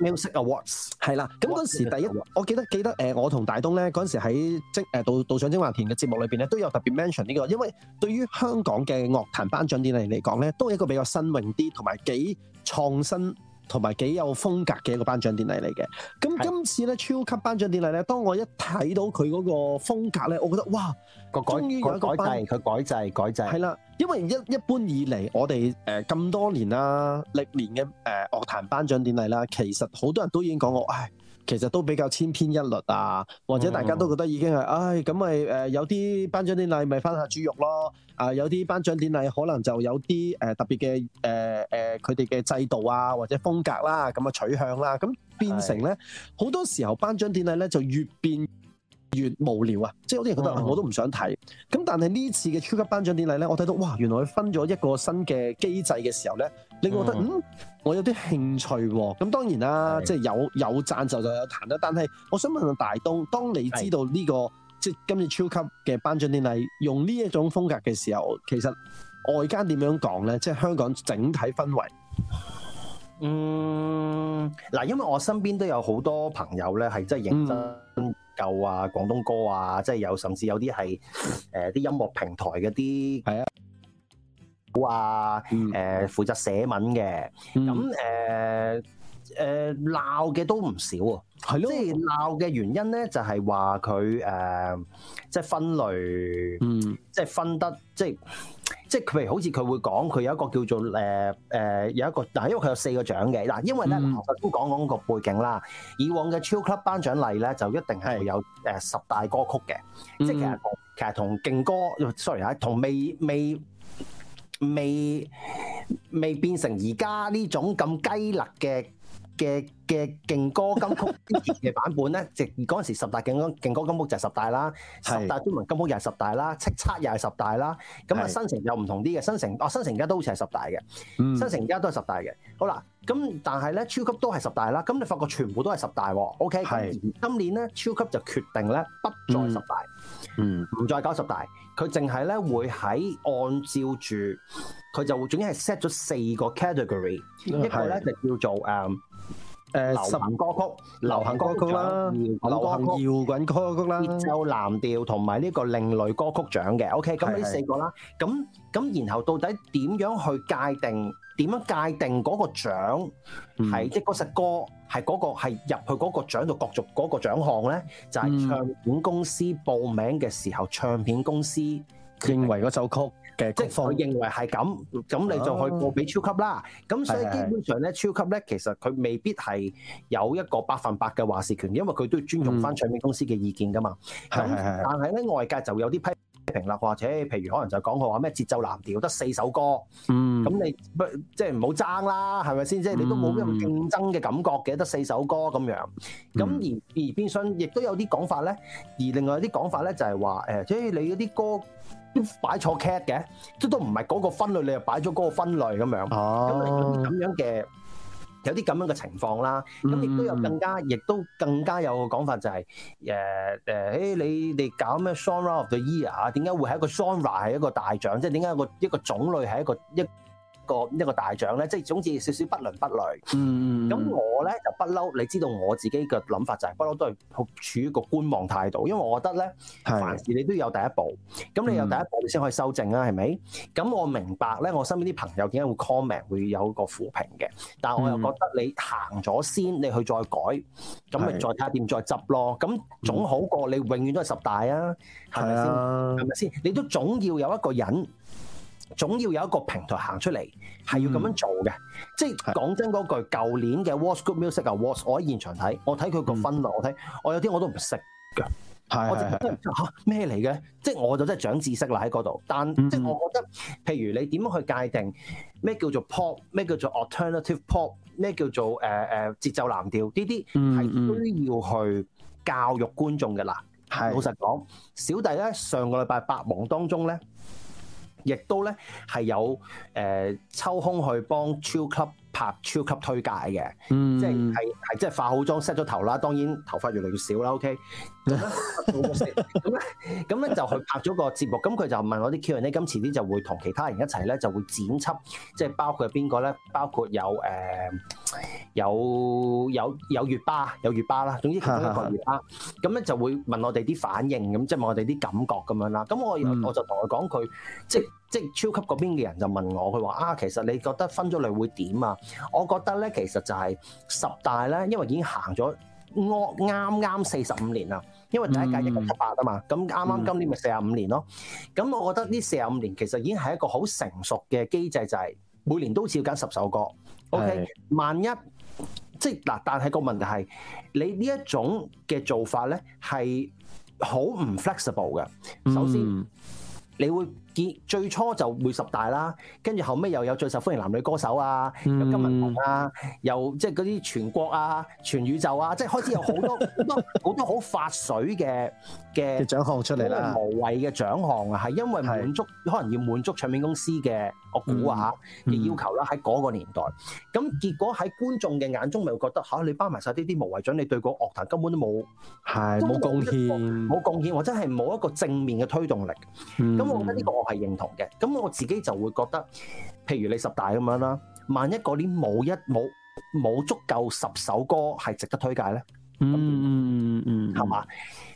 Music Awards 係啦，咁嗰時第一，我記得記得誒，我同大東咧嗰時喺精誒道道上精華田嘅節目裏邊咧，都有特別 mention 呢、這個，因為對於香港嘅樂壇頒獎典禮嚟講咧，都係一個比較新穎啲同埋幾創新。同埋幾有風格嘅一個頒獎典禮嚟嘅，咁今次咧超級頒獎典禮咧，當我一睇到佢嗰個風格咧，我覺得哇，終於有一個改改制，佢改制。改制係啦，因為一一般以嚟我哋誒咁多年啦，歷年嘅誒、呃、樂壇頒獎典禮啦，其實好多人都已經講過，唉。其實都比較千篇一律啊，或者大家都覺得已經係，唉、嗯哎，咁咪有啲頒獎典禮咪翻下豬肉咯，啊有啲頒獎典禮可能就有啲、呃、特別嘅誒佢哋嘅制度啊，或者風格啦、啊，咁嘅取向啦、啊，咁變成咧好多時候頒獎典禮咧就越變，越無聊啊，即係有啲人覺得、嗯啊、我都唔想睇，咁但係呢次嘅 Chill Club 頒獎典禮咧，我睇到哇，原來佢分咗一個新嘅機制嘅時候咧，你覺得嗯，嗯，我有啲興趣、啊。咁當然啦，即係有有讚就就有彈啦。但係我想問下大東，當你知道呢、這個即係今次 Chill Club 嘅頒獎典禮用呢一種風格嘅時候，其實外間點樣講咧？即係香港整體氛圍。嗯，嗱，因為我身邊都有好多朋友咧，係真係認真。嗯有啊，廣東歌啊，即係有，甚至有啲係誒啲音樂平台嘅啲稿啊、嗯呃，負責寫文嘅，咁誒鬧嘅都唔少啊，係咯，即係鬧嘅原因咧，就係話佢即係分類，嗯，即係分得即係。即係譬如好似佢會講，佢有一個叫做誒誒有一個嗱，因為佢有四個獎嘅嗱，因為咧，我頭先講講個背景啦。以往嘅 Chill Club 頒獎禮咧，就一定係有誒十大歌曲嘅，即係其實其實同勁歌，sorry 啊，同未未未未變成而家呢種咁雞肋嘅。嘅嘅勁歌金曲熱嘅版本咧，即係嗰時十大勁歌勁歌金曲就係十大啦，十大中文金曲又係十大啦，叱吒又係十大啦，咁啊新城又唔同啲嘅，新城啊新城而家都好似係十大嘅，新城而家都係十大嘅，嗯。好啦，咁但係咧超級都係十大啦，咁你發覺全部都係十大喎。O、okay? K，今年咧超級就決定咧不再十大，唔、嗯、再搞十大，佢淨係咧會喺按照住，佢就總之係 set 咗四個 category，嗯、一個咧就叫做誒。Um, 誒，流行歌曲、流行歌曲啦，流行搖滾歌曲啦，就藍調同埋呢個另類歌曲獎嘅。OK，咁呢四個啦，咁咁然後到底點樣去界定？點樣界定嗰個獎係即係嗰首歌係嗰個係入去嗰個獎度角逐嗰個獎項咧？就係唱片公司報名嘅時候，唱片公司認為嗰首曲。即係佢認為係咁，咁、啊、你就可以過俾 Chill Club 啦。咁所以基本上咧，Chill Club 咧其實佢未必係有一個百分百嘅話事權，因為佢都要尊重翻唱片公司嘅意見噶嘛。係係係。但係咧、嗯、外界就有啲批評啦，或者譬如可能就係講佢話咩節奏藍調得四首歌，咁、嗯、你即係唔好爭啦，係咪先？即、就、係、是、你都冇咩競爭嘅感覺嘅，得、嗯、四首歌咁樣。咁而、嗯、而變相亦都有啲講法咧，而另外啲講法咧就係話誒，所、就、以、是、你嗰啲歌，都擺錯 cat 嘅，即都唔係嗰個分類，你又擺咗嗰個分類咁樣，咁有啲咁樣嘅，有啲咁樣嘅情況啦，咁亦都有更加，亦都更加有個講法就係，誒誒，誒你哋搞咩 Genre of the year 啊？點解會係一個 Genre 係一個大獎？即點解個一個種類係一個一？個、這、一個大獎咧，即係總之少少不倫不類。咁、嗯、我咧就不嬲，你知道我自己嘅諗法就係不嬲，都係處於個觀望態度，因為我覺得咧，凡事你都要有第一步。咁、嗯、你有第一步，你先可以修正啊，係咪？咁我明白咧，我身邊啲朋友點解會 comment 會有個負評嘅，但係我又覺得你行咗先、嗯，你去再改，咁咪再睇下點再執咯。咁總好過你永遠都係十大啊，係咪先？係咪先、啊？你都總要有一個人。總要有一個平台行出嚟，係要咁樣做嘅、嗯。即係講真嗰句，舊年嘅 What's Good Music 啊 What's 我喺現場睇，我睇佢個分類、嗯，我睇我有啲我都唔識嘅，我凈係咩嚟嘅。即係我就真係長知識啦喺嗰度。但、嗯、即係我覺得，譬如你點樣去界定咩叫做 pop，咩叫做 alternative pop，咩叫做誒誒、呃、節奏藍調呢啲係需要去教育觀眾嘅啦。係老實講，小弟咧上個禮拜百忙當中咧。亦都咧係有誒抽空去幫 Chill Club 拍 Chill Club 推介嘅、嗯，即係係即係化好妝 set 咗頭啦，當然頭髮越嚟越少啦，OK。咁咧，就去拍咗個節目。咁佢就問我啲 Q，呢今遲啲就會同其他人一齊咧，就會剪輯，即係包括邊個咧？包括有誒、呃，有有有月巴，有月巴啦。總之其中一個月巴。咁 咧就會問我哋啲反應，咁即係問我哋啲感覺咁樣啦。咁我我就同佢講，佢即係即係超級嗰邊嘅人就問我，佢話啊，其實你覺得分咗類會點啊？我覺得咧，其實就係十大咧，因為已經行咗。我啱啱四十五年啦，因為第一屆一九七八啊嘛，咁啱啱今年咪四十五年咯。咁、嗯、我覺得呢四十五年其實已經係一個好成熟嘅機制，就係、是、每年都只要揀十首歌。O、okay? K，萬一即係嗱，但係個問題係你呢一種嘅做法咧，係好唔 flexible 嘅。首先，嗯、你會。最初就會十大啦，跟住後尾又有最受歡迎男女歌手啊，嗯、有金文同啊，又即係嗰啲全國啊、全宇宙啊，即係開始有好多好 多好發水嘅。嘅獎項出嚟啦，無謂嘅獎項啊，係因為滿足可能要滿足唱片公司嘅，我估下嘅、嗯、要求啦。喺嗰個年代，咁、嗯、結果喺觀眾嘅眼中，咪會覺得、啊、你包埋晒呢啲無謂獎，你對個樂壇根本都冇係冇貢獻，冇貢獻，或者係冇一個正面嘅推動力。咁、嗯、我覺得呢個我係認同嘅。咁我自己就會覺得，譬如你十大咁樣啦，萬一個年冇一冇冇足夠十首歌係值得推介咧，嗯嗯嗯，係、嗯、嘛？是吧？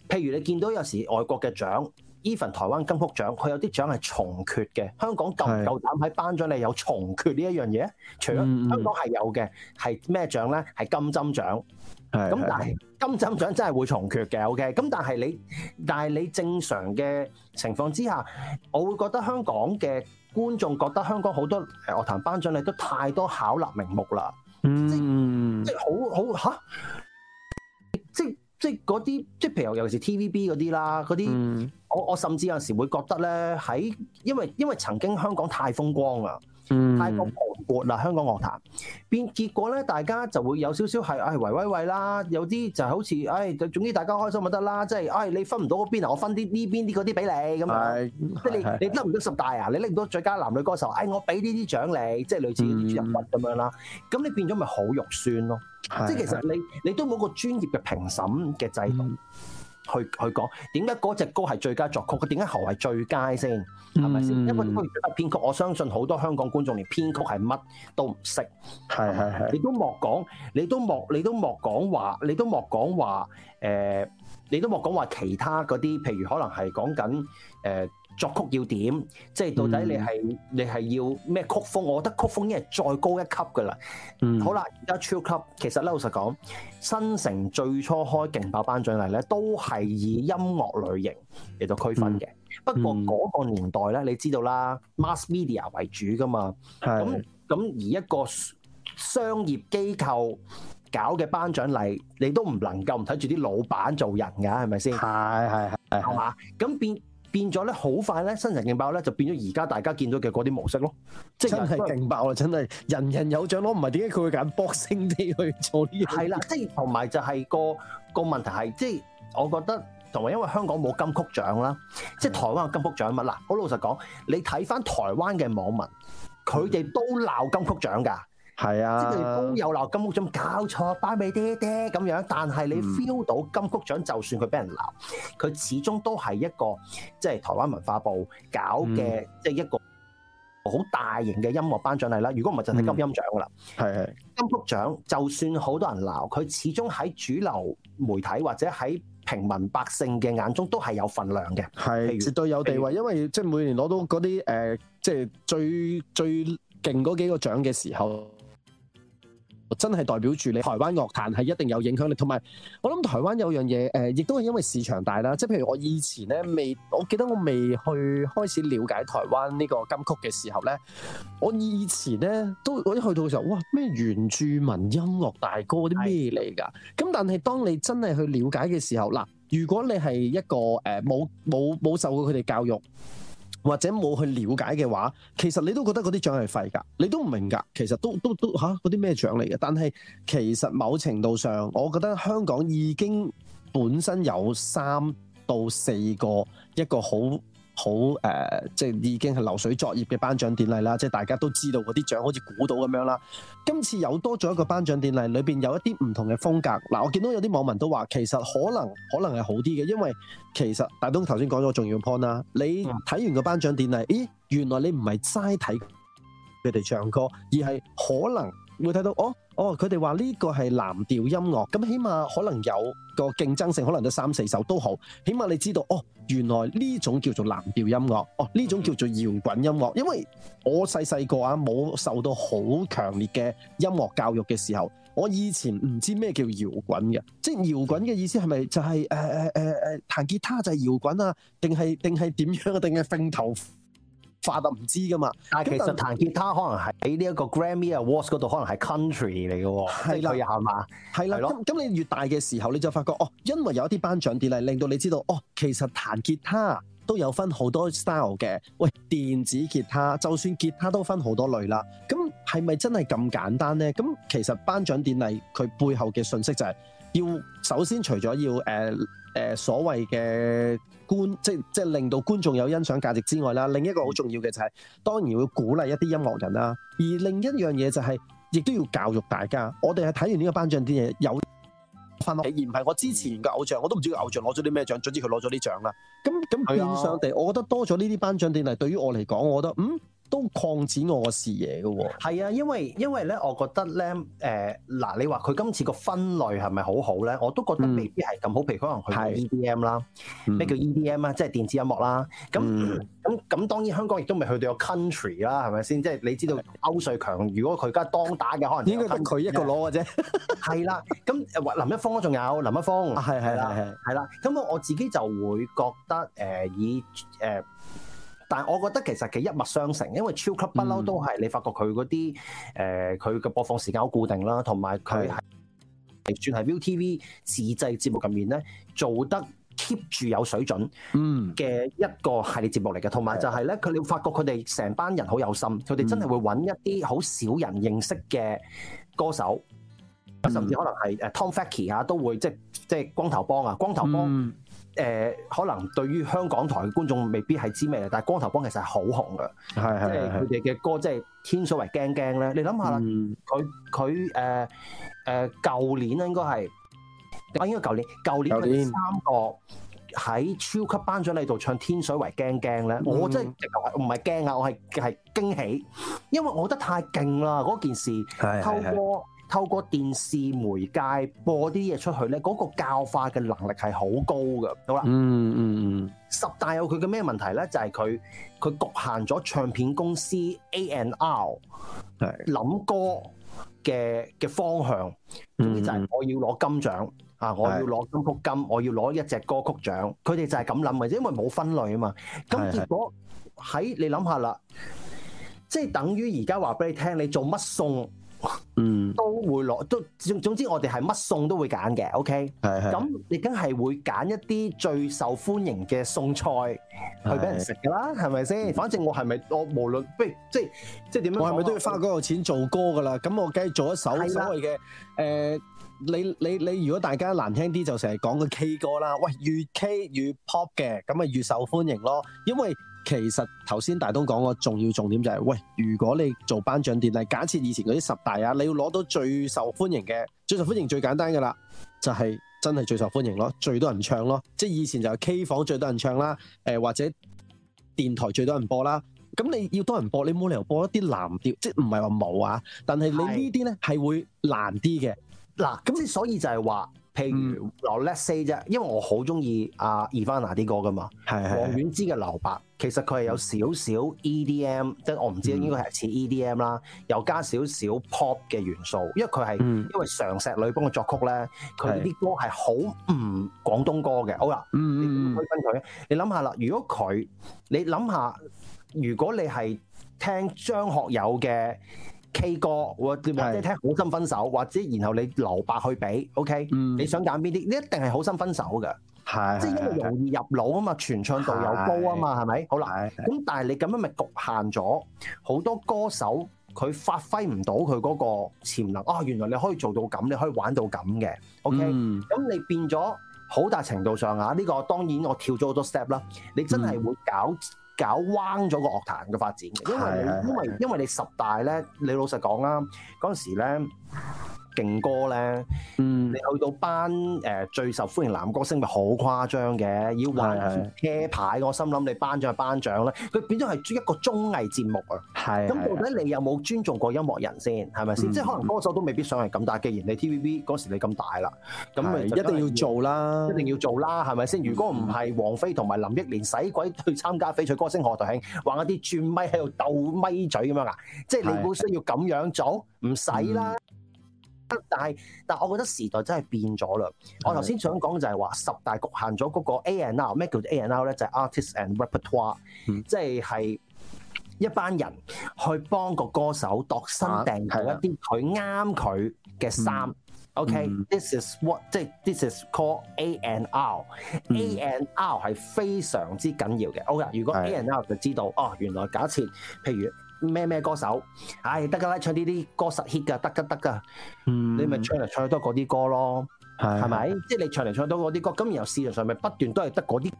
譬如你見到有時外國嘅獎，even 台灣金曲獎，佢有啲獎係重缺嘅。香港夠唔夠膽喺頒獎禮有重缺呢一樣嘢？除咗香港係有嘅，係咩獎咧？係金針獎。係咁，但係金針獎真係會重缺嘅。OK，咁但係你但係你正常嘅情況之下，我會覺得香港嘅觀眾覺得香港好多樂壇頒獎禮都太多巧立名目啦。嗯，即係好好嚇，即即係嗰啲，即係譬如尤其是 TVB 嗰啲啦，嗰啲我、嗯、我甚至有陣時會覺得咧，喺因為因為曾經香港太風光啦。太過蓬勃啦，香港樂壇變結果咧，大家就會有少少係唉喂喂喂啦，有啲就係好似唉、哎，總之大家開心咪得啦，即係唉、哎、你分唔到嗰邊啊，我分啲呢邊啲嗰啲俾你咁，即係你你得唔到十大啊，你拎唔到最佳男女歌手，唉、哎、我俾呢啲獎你，即係類似啲人物咁樣啦，咁你變咗咪好肉酸咯，即係其實你你都冇個專業嘅評審嘅制度。去去講，點解嗰隻歌係最佳作曲？佢點解喉係最佳先？係咪先？因為因為編曲，我相信好多香港觀眾連編曲係乜都唔識。係係係，你都莫講，你都莫，你都莫講話，你都莫講話。誒、呃，你都莫講話其他嗰啲，譬如可能係講緊誒。呃作曲要點，即係到底你係你係要咩曲風、嗯？我覺得曲風已經係再高一級噶啦。嗯，好啦，而家 Chill Club 其實老實講，新城最初開勁爆頒獎禮咧，都係以音樂類型嚟做區分嘅、嗯嗯。不過嗰個年代咧，你知道啦、嗯、Mass Media 為主噶嘛。係。咁咁而一個商業機構搞嘅頒獎禮，你都唔能夠唔睇住啲老闆做人噶，係咪先？係係係。係嘛？咁變。變咗咧，好快咧，新城勁爆咧，就變咗而家大家見到嘅嗰啲模式咯，真係勁爆啊！真係人人有獎咯，唔係點解佢會揀博星啲去做呢樣？係啦，即係同埋就係、是、個個問題係，即、就、係、是、我覺得同埋因為香港冇金曲獎啦，即係台灣有金曲獎啊嘛。嗱，好老實講，你睇翻台灣嘅網民，佢、嗯、哋都鬧金曲獎㗎。係啊，即係高有鬧金曲獎搞錯，頒俾爹爹咁樣。但係你 feel 到金曲獎，就算佢俾人鬧，佢始終都係一個即係台灣文化部搞嘅，即係一個好大型嘅音樂頒獎禮啦。如果唔係就係金音獎噶啦，係係金曲獎，就算好多人鬧，佢始終喺主流媒體或者喺平民百姓嘅眼中都係有份量嘅，係絕對有地位。因為即係每年攞到嗰啲誒，即係最最勁嗰幾個獎嘅時候。真係代表住你台灣樂壇係一定有影響力，同埋我諗台灣有樣嘢，誒，亦都係因為市場大啦。即係譬如我以前咧未，我記得我未去開始了解台灣呢個金曲嘅時候咧，我以前咧都我一去到嘅時候，哇咩原住民音樂大哥啲咩嚟㗎？咁但係當你真係去了解嘅時候，嗱，如果你係一個誒冇冇冇受過佢哋教育。或者冇去了解嘅話，其實你都覺得嗰啲獎係廢㗎，你都唔明㗎。其實都都都吓，嗰啲咩獎嚟嘅？但係其實某程度上，我覺得香港已經本身有三到四個一個好。好誒、呃，即係已經係流水作業嘅頒獎典禮啦，即係大家都知道嗰啲獎好似估到咁樣啦。今次又多咗一個頒獎典禮，裏邊有一啲唔同嘅風格。嗱，我見到有啲網民都話，其實可能可能係好啲嘅，因為其實大東頭先講咗個重要 point 啦。你睇完個頒獎典禮，咦，原來你唔係齋睇佢哋唱歌，而係可能，會睇到哦哦，佢哋話呢個係藍調音樂，咁起碼可能有個競爭性，可能得三四首都好。起碼你知道哦，原來呢種叫做藍調音樂，哦呢種叫做搖滾音樂。因為我細細個啊冇受到好強烈嘅音樂教育嘅時候，我以前唔知咩叫搖滾嘅，即係搖滾嘅意思係咪就係、誒、誒、呃呃、彈吉他就係搖滾啊？定係定係點樣定係鈴發達唔知噶嘛？但係其實彈吉他可能喺呢一個 Grammy Awards 嗰度，可能係 country 嚟嘅喎。係啦，係嘛？係啦，咁咁你越大嘅時候，你就發覺哦，因為有一啲頒獎典禮令到你知道哦，其實彈吉他都有分好多 style 嘅。喂，電子吉他就算吉他都分好多類啦。咁係咪真係咁簡單咧？咁其實頒獎典禮佢背後嘅信息就係要首先除咗要誒誒、呃呃、所謂嘅。觀即即令到觀眾有欣賞價值之外啦，另一個好重要嘅就係當然會鼓勵一啲音樂人啦。而另一樣嘢就係亦都要教育大家，我哋係睇完呢個頒獎典禮有發覺，而唔係我之前嘅偶像，我都唔知個偶像攞咗啲咩獎，總之佢攞咗啲獎啦。咁咁變相地，我覺得多咗呢啲頒獎典禮，對於我嚟講，我覺得嗯。都擴展我個視野嘅喎。係啊，因為因為咧，我覺得咧，誒、呃、嗱，你話佢今次個分類係咪好好咧？我都覺得未、嗯、必係咁好，譬如可能佢有 E D M 啦。咩、嗯、叫 E D M 咧、啊？即係電子音樂啦。咁咁咁，嗯、當然香港亦都未去到有 country 啦，係咪先？即係你知道歐瑞強，如果佢而家當打嘅，可能 country，應該得佢一個攞嘅啫。係 啦，咁林一峰咯，仲有林一峰，係係係係係啦。咁我我自己就會覺得誒、呃、以誒。呃但我覺得其實佢一脈相承，因為 Chill Club 不嬲都係你發覺佢嗰啲誒佢嘅播放時間好固定啦，同埋佢係係算係 ViuTV 自製節目入面咧做得 keep 住有水準嘅一個系列節目嚟嘅，同、嗯、埋就係咧佢你發覺佢哋成班人好有心，佢哋真係會揾一啲好少人認識嘅歌手、嗯，甚至可能係誒 Tom Facky 啊都會即係即係光頭幫啊，光頭幫、嗯。誒、呃、可能對於香港台嘅觀眾未必係知咩嘅，但係光頭幫其實係好紅嘅，係係係即係佢哋嘅歌，即係《天水圍驚驚》咧。你諗下啦，佢佢誒誒舊年啦，應該係啊，應該舊年，舊年佢三個喺 Chill Club 頒獎禮度唱《天水圍驚驚》咧、嗯，我真係唔係驚啊，我係係驚喜，因為我覺得太勁啦嗰件事，透過。透過電視媒介播啲嘢出去咧，嗰個教化嘅能力係好高嘅。好啦，嗯嗯嗯，十大有佢嘅咩問題咧？就係佢佢侷限咗唱片公司 A and R 係諗歌嘅嘅方向，總之就係我要攞金獎啊，我要攞金曲金，我要攞一隻歌曲獎。佢哋就係咁諗嘅，因為冇分類啊嘛。咁結果喺你諗下啦，即係等於而家話俾你聽，你做乜餸？嗯，都會落都總之，我哋係乜餸都會揀嘅，OK 是是。係係咁，亦梗係會揀一啲最受歡迎嘅餸菜去俾人食噶啦，係咪先？反正我係咪我無論，即係即係點樣，我係咪都要花嗰個錢做歌噶啦？咁我梗係做一首所謂嘅誒、呃，你你你，如果大家難聽啲，就成日講個 K 歌啦。喂，越 K 越 Pop 嘅，咁咪越受歡迎咯，因為。其實頭先大東講個重要重點就係、是，喂，如果你做頒獎典禮，假設以前嗰啲十大啊，你要攞到最受歡迎嘅最受歡迎，最簡單㗎啦，就係、是、真係最受歡迎咯，最多人唱咯，即係以前就係 K 房最多人唱啦，誒、呃、或者電台最多人播啦，咁你要多人播，你冇理由播一啲藍調，即係唔係話冇啊？但係你呢啲咧係會難啲嘅。嗱，咁所以就係話，譬如嗱、嗯、Let's say 啫，因為我好中意阿 Ivana 啲歌㗎嘛，王菀之嘅《留白》。其實佢係有少少 EDM，、嗯、即係我唔知應該係似 EDM 啦，又加少少 pop 嘅元素，因為佢係、嗯、因為常石磊幫佢作曲咧，佢啲歌係好唔廣東歌嘅。好啦、嗯，你區分佢、嗯，你諗下啦，如果佢，你諗下，如果你係聽張學友嘅 K 歌，或者聽《好心分手》，或者然後你留白去比，OK，、嗯、你想揀邊啲？你一定係《好心分手》㗎。係，即係因為容易入腦啊嘛，傳唱度又高啊嘛，係咪？好啦，咁但係你咁樣咪侷限咗好多歌手，佢發揮唔到佢嗰個潛能。啊，原來你可以做到咁，你可以玩到咁嘅。OK，咁你變咗好大程度上啊！呢個當然我跳咗好多 step 啦，你真係會搞搞彎咗個樂壇嘅發展嘅，因為因為因為你十大咧，你老實講啦，嗰時咧。勁歌咧、嗯，你去到頒誒、呃、最受歡迎男歌星咪好誇張嘅，要掛車牌。我心諗你頒獎就頒獎啦，佢變咗係一個綜藝節目啊。咁到底你有冇尊重過音樂人先？係咪先？即係可能歌手都未必想係咁大，既然你 TVB 嗰時你咁大啦，咁咪一定要做啦，一定要做啦，係咪先？如果唔係，王菲同埋林憶蓮使鬼去參加翡翠歌星賀台慶，玩一啲轉咪喺度鬥咪嘴咁樣啊？即係你本身要咁樣做，唔使啦。嗯但係，但我覺得時代真係變咗啦。我頭先想講就係話，十大局限咗嗰個 A and R 咩叫 A and R 咧？就係、是、Artist and Repertoire，、嗯、即係一班人去幫個歌手度身訂做一啲佢啱佢嘅衫。啊、OK，this、okay? 嗯、is what 即係 this is called A and R、嗯。A and R 係非常之緊要嘅。OK，如果 A and R 就知道，哦，原來假設譬如。咩咩歌手，唉得噶啦，唱呢啲歌實 hit 噶得噶得噶，嗯，你咪唱嚟唱多嗰啲歌咯，係咪？即係你唱嚟唱多嗰啲歌，咁然後市場上咪不斷都係得嗰啲，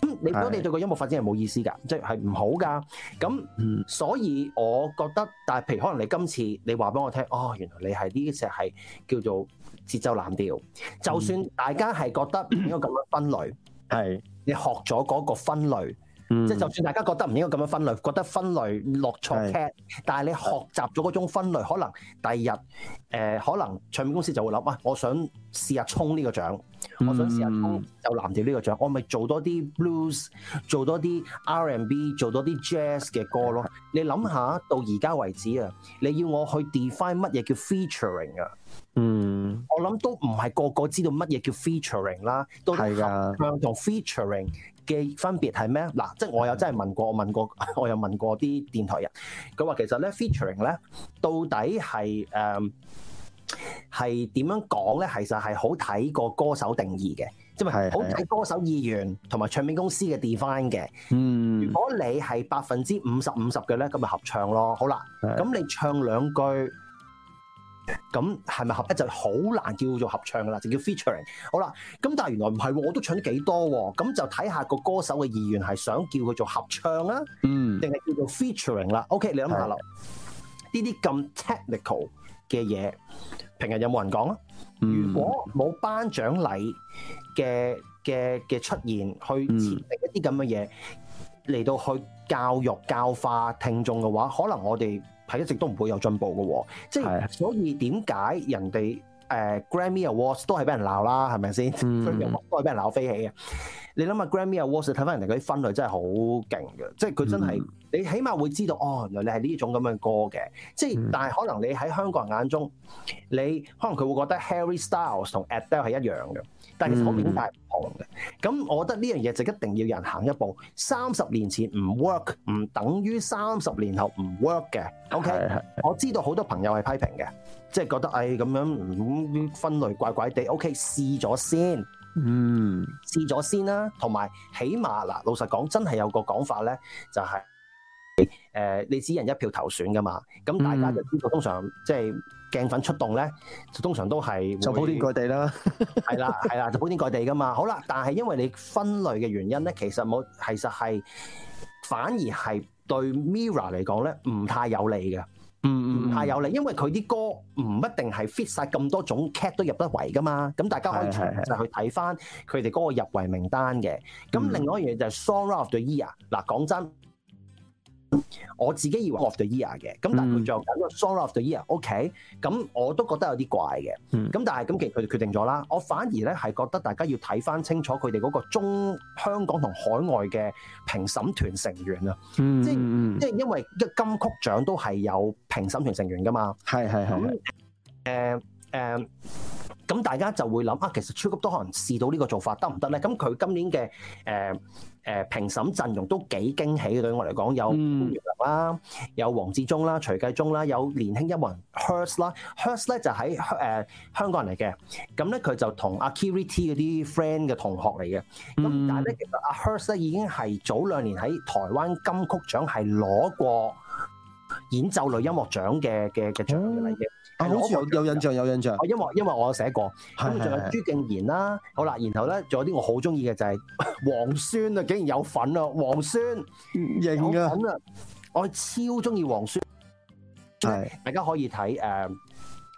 咁你我你對，你對個音樂發展係冇意思噶，即係唔好噶。咁，嗯、所以我覺得，但係譬如可能你今次你話俾我聽，哦，原來你係呢隻係叫做節奏藍調，就算大家係覺得呢個咁樣分類，係、嗯、你學咗嗰個分類。即係就算大家覺得唔應該咁樣分類、嗯，覺得分類落錯 cat，但係你學習咗嗰種分類，可能第二日誒、呃，可能唱片公司就會諗啊，我想試下衝呢個、嗯、個獎，我想試下衝就藍調呢個獎，我咪做多啲 blues，做多啲 R and B，做多啲 jazz 嘅歌咯。你諗下，到而家為止啊，你要我去 define 乜嘢叫 featuring 啊？嗯，我諗都唔係個個知道乜嘢叫 featuring 啦，都係噶，同 featuring。嘅分別係咩？嗱、啊，即係我有真係問過，嗯、問過，我有問過啲電台人，佢話其實咧，featuring 咧，到底係誒係點樣講咧？其實係好睇個歌手定義嘅，即係咪好睇歌手意願同埋唱片公司嘅 define 嘅。嗯，如果你係百分之五十五十嘅咧，咁咪合唱咯。好啦，咁你唱兩句。咁係咪合？一就好難叫做合唱噶啦，就叫 featuring。好啦，咁但係原來唔係，我都唱咗幾多，咁就睇下個歌手嘅意願係想叫佢做合唱啊，嗯，定係叫做 featuring 啦。OK，你諗下啦，呢啲咁 technical 嘅嘢，平日有冇人講啊、嗯？如果冇頒獎禮嘅嘅嘅出現去設定一啲咁嘅嘢嚟到去教育教化聽眾嘅話，可能我哋。係一直都唔會有進步嘅喎，即係，所以點解人哋誒 Grammy Awards 都係俾人鬧啦，係咪先？所有歌都係俾人鬧飛起嘅。你諗下 Grammy Awards 睇翻人哋嗰啲分類真係好勁嘅，即係佢真係、嗯、你起碼會知道哦，原來你係呢種咁嘅歌嘅。即係，但係可能你喺香港人眼中，你可能佢會覺得 Harry Styles 同 Adele 係一樣嘅。但係後面係唔同嘅，咁、嗯、我覺得呢樣嘢就一定要有人行一步。三十年前唔 work 唔等於三十年後唔 work 嘅。O、okay? K，我知道好多朋友係批評嘅，即係覺得誒咁、哎、樣咁、嗯、分類怪怪地。O、okay, K，試咗先，嗯，試咗先啦、啊。同埋起碼嗱，老實講，真係有個講法咧，就係、是、誒、呃，你只人一票投選㗎嘛。咁大家就知道，通常即係。嗯，就是鏡粉出動咧，就通常都係就鋪天蓋地啦，係啦係啦，就鋪天蓋地噶嘛。好啦，但係因為你分類嘅原因咧，其實冇，其實係反而係對 Mirror 嚟講咧，唔太有利嘅，唔、嗯、唔太有利，嗯、因為佢啲歌唔一定係 fit 晒咁多種 cat 都入得圍噶嘛。咁大家可以就去睇翻佢哋嗰個入圍名單嘅。咁、嗯、另外一樣嘢就係 Song of the Year，嗱講真。我自己以為 of the year 嘅，咁、嗯、但係佢再搞個 sorry of the year，OK，咁我都覺得有啲怪嘅，咁、嗯、但係咁其實佢哋決定咗啦。我反而咧係覺得大家要睇翻清楚佢哋嗰個中香港同海外嘅評審團成員啊、嗯，即係即係因為金曲獎都係有評審團成員噶嘛，係係係，誒誒，咁、嗯呃呃呃、大家就會諗啊，其實超級多可能試到呢個做法得唔得咧？咁佢今年嘅誒。呃誒評審陣容都幾驚喜嘅，對我嚟講有胡林啦，有黃志忠啦，徐繼忠啦，有年輕音樂人 Hers 啦，Hers 咧就喺、呃、香港人嚟嘅，咁咧佢就同阿 K V T 嗰啲 friend 嘅同學嚟嘅，咁但係咧、嗯、其實阿 Hers 咧已經係早兩年喺台灣金曲獎係攞過演奏類音樂獎嘅嘅嘅獎嘅嚟嘅。啊、好似有，有印象，有印象。哦、因為因為我有寫過，咁仲有朱敬賢啦。好啦，然後咧仲有啲我好中意嘅就係黃宣啊，竟然有份啊，黃宣型啊，我超中意黃宣。係，大家可以睇誒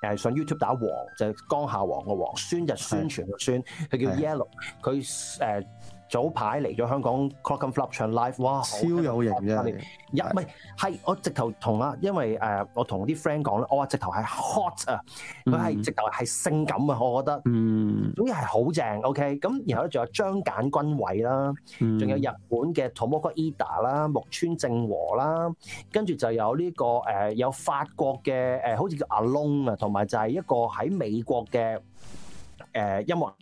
誒上 YouTube 打黃，就係、是、江夏王個黃宣，就宣傳個宣。佢叫 Yellow，佢誒。早排嚟咗香港 Clock and Flap 唱 live，哇！超有型嘅～一唔係係我直頭同啊，因為誒我同啲 friend 講咧，我話直頭係 hot 啊，佢係直頭係性感啊，我覺得，總之係好正。OK，咁然後咧仲有張簡君偉啦，仲有日本嘅 Tomoko Ida 啦、木村正和啦，跟住就有呢個誒有法國嘅誒，好似叫 Alone 啊，同埋就係一個喺美國嘅誒音樂。